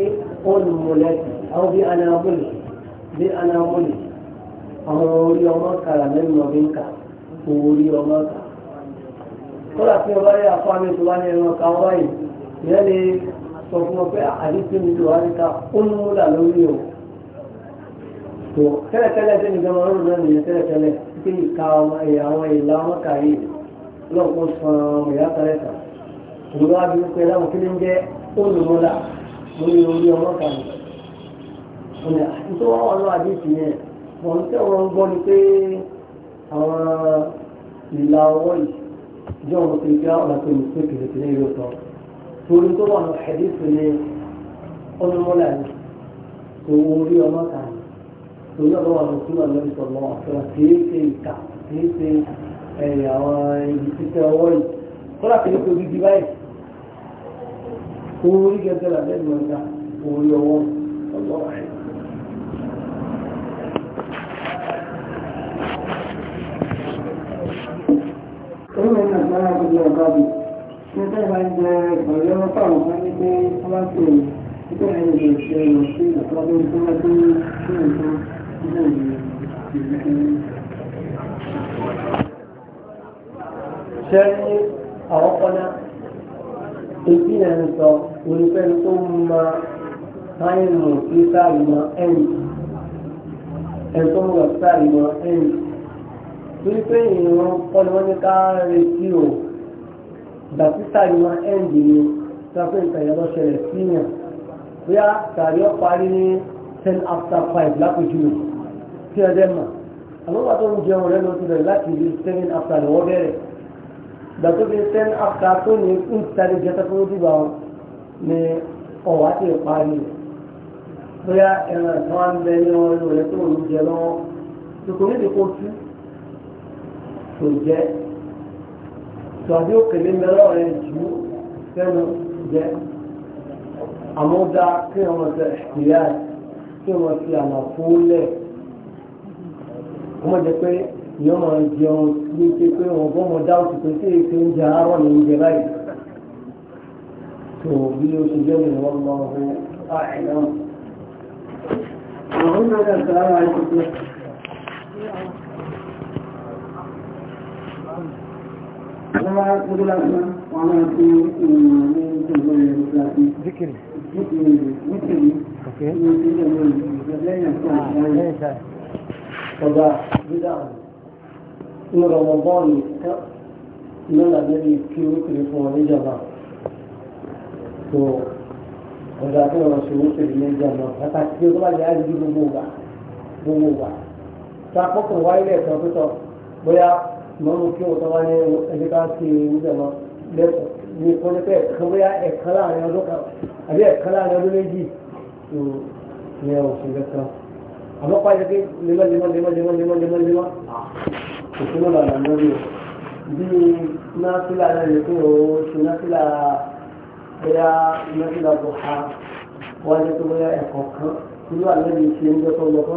olùmọ̀lẹ́tì àwọn bí anáwọ̀lẹ̀ bí anáwọ̀lẹ̀ àwọn orí ọmọ kàrà mẹ́rin ọ̀bí ń kà orí ọmọ kà. kọ́lá tí wọ́n bá rí àfọ́ àmì tó bá ní ẹran kan wáyìí ìyá lè sọ fún ọ pé àdìsí mi lò wá níta ó ń mú là lórí o tó tẹ́lẹ̀tẹ́lẹ̀ tẹ́lẹ̀ gan máa ń rò náà nìyẹn tẹ́lẹ̀tẹ́lẹ̀ kí ni ka ọmọ ẹ̀yà àwọn ìlà ọmọ kàrí lọ́pọ̀ sọ̀rọ̀ ọmọ ìyá kàrẹ́ kan òwúrọ̀ àbí pẹ́ láwọn kí ni ń jẹ́ olùmọ́lá lórí orí ọmọ kàrí ọ̀nà àtúntò wọn wọn lọ àdìsí yẹn wọn tẹ́ wọn gbọ́ ni pé àwọn ìlà ọwọ́ yìí jọ́ ọmọ kìrìkìrì torí tó wà ní ẹ̀dísì ni ọlọ́mọlá ni kò orí ọmọ ta ni torí ọ̀rọ̀ wà ní súnmọ́ lórí sọ̀rọ̀ àfẹ́rẹ́ kìí ṣe ìka kìí ṣe ẹ̀yà ibi títẹ ọwọ́ yìí kọ́lá kìí ṣe orí bíbá yìí kò orí gẹ́gẹ́ rà lẹ́nu ọjà kò orí ọwọ́ ọlọ́wà yìí. Thank you. Nígbà tí wọ́n jẹ ìgbàlẹ́ wọn fáwọn kan ní pé wọ́n bá tó nígbà tí wọ́n lè ṣe lọ sí ìtọ́jú tó wọ́n tó ṣe nǹkan nínú ìlú. Ṣé àwọn kọ́ná èyí náà ń sọ onífẹ́ tó máa táyìmù tí sáàrì mọ ẹ̀yìn ẹ̀tọ́ mọ̀ sáàrì mọ ẹ̀yìn wípé ìran kọ́ni wọ́n ní ká retí o ìgbà tí sáré wọn ẹ̀ǹdì ni sọ́kùn ìtàyẹ̀ lọ ṣẹlẹ̀ sí yàn bóyá sáré ọ ní ten after five lápòjúwe tí ẹ dẹ́ mà àwọn wà tó ń jẹun rẹ lọ sí láti rí seven after lọ́wọ́ bẹ̀rẹ̀ ìgbà tó fi after tó ní ń sáré jẹ́ tẹ́kọ́ ó dìbò àwọn ni ọ̀wá ti parí bóyá ẹran ìtàn á ń bẹ ní ọrẹ rẹ tó ń jẹ lọ́wọ́ tòkòmí ti kó tú kò jẹ́ tọ́jú òkèlè mẹ́rọ rẹ̀ jù sẹ́nu jẹ́ àmúdá kí wọ́n ṣe ìyá kí wọ́n fi àlàfo lẹ̀ wọ́n jẹ́ pé ìyá máa jẹun ní pé pé wọ́n bọ́ mọ dáhùn sí pé tí èké ń jẹ àárọ̀ ní oúnjẹ báyìí tó bí ó ṣe Àwọn gbogbo láti wọn máa fi ìrìnà ní ìjọba ìrìnà láti. Díkìrì. Díkìrì. Díkìrì. Ọ̀kẹ́. Ní ìjọba ìrìnà lẹ́yìn àti àìyá. Lẹ́yìn àti àìyá. Ọba Bídà ní Rọmọbọ́ọ̀lù lọ́la lórí kí ó kiri fún ọ níjọba. Tó ọ̀dà tó lọ ṣe ó kiri níjọba. Pàtàkì mọ́mú kí wọ́n tọ́wá ní ẹni ká sí ìwúdẹ̀ mọ́ lẹ́kọ̀ọ́ ní ìpọ́nlẹ́ pé ẹ̀kan bóyá ẹ̀kan láàrin ọdún kan àbí ẹ̀kan láàrin ọdún méjì ní ẹ̀wọ̀n sí lẹ́kọ̀ọ́ àmọ́ pàṣẹ pé lemọ́ lemọ́ lemọ́ lemọ́ lemọ́ lemọ́ lemọ́ kò sí lọ́la àná lórí o bí násìlà náà lè fún òun ṣe násìlà bóyá násìlà bọ̀ ha wájú tó bóyá ẹ̀kọ̀ọ̀kan nínú àlẹ́ mi ṣe ń jẹ́ tó lọ́kọ́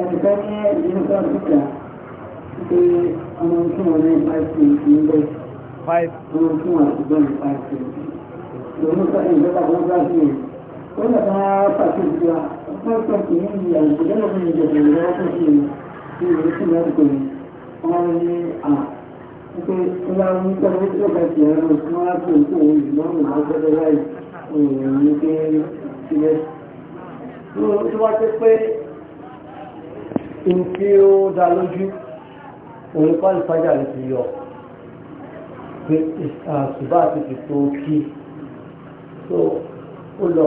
ẹnìkan ní ìlú south africa pé ọmọ fún wọn ní five twenty níbẹ̀ ọmọ fún wọn àti bọ́ọ̀lù five twenty lòun sọ ìjọba kan brazil ó lọ bá pàṣẹ ìjọba ọgbọ́n ìtọ́jú ní ìlú àìsàn lọ́wọ́ fún ìjọba ìjọba tó ṣe ní ìlú sí mẹ́tìkọ̀ yìí wọ́n ní à pé ńlá ní tọ́jú tó bá ti ẹ̀rọ tí wọ́n á tó ìkó òun yìí lọ́rùn lọ́jọ́ láì òun ní pé sílẹ̀. tó wá pé pé ìntí ó dá lójú òun kọ́ ìfájà lè ti yọ pé àṣùbá àti tètò kí tó ó lọ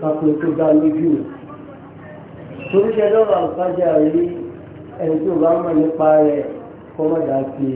kápò tó dá lójú torí ṣe lọ́rọ̀ rí ẹni tó bá mọ̀ nípa rẹ̀ kọ́mọ̀dá sí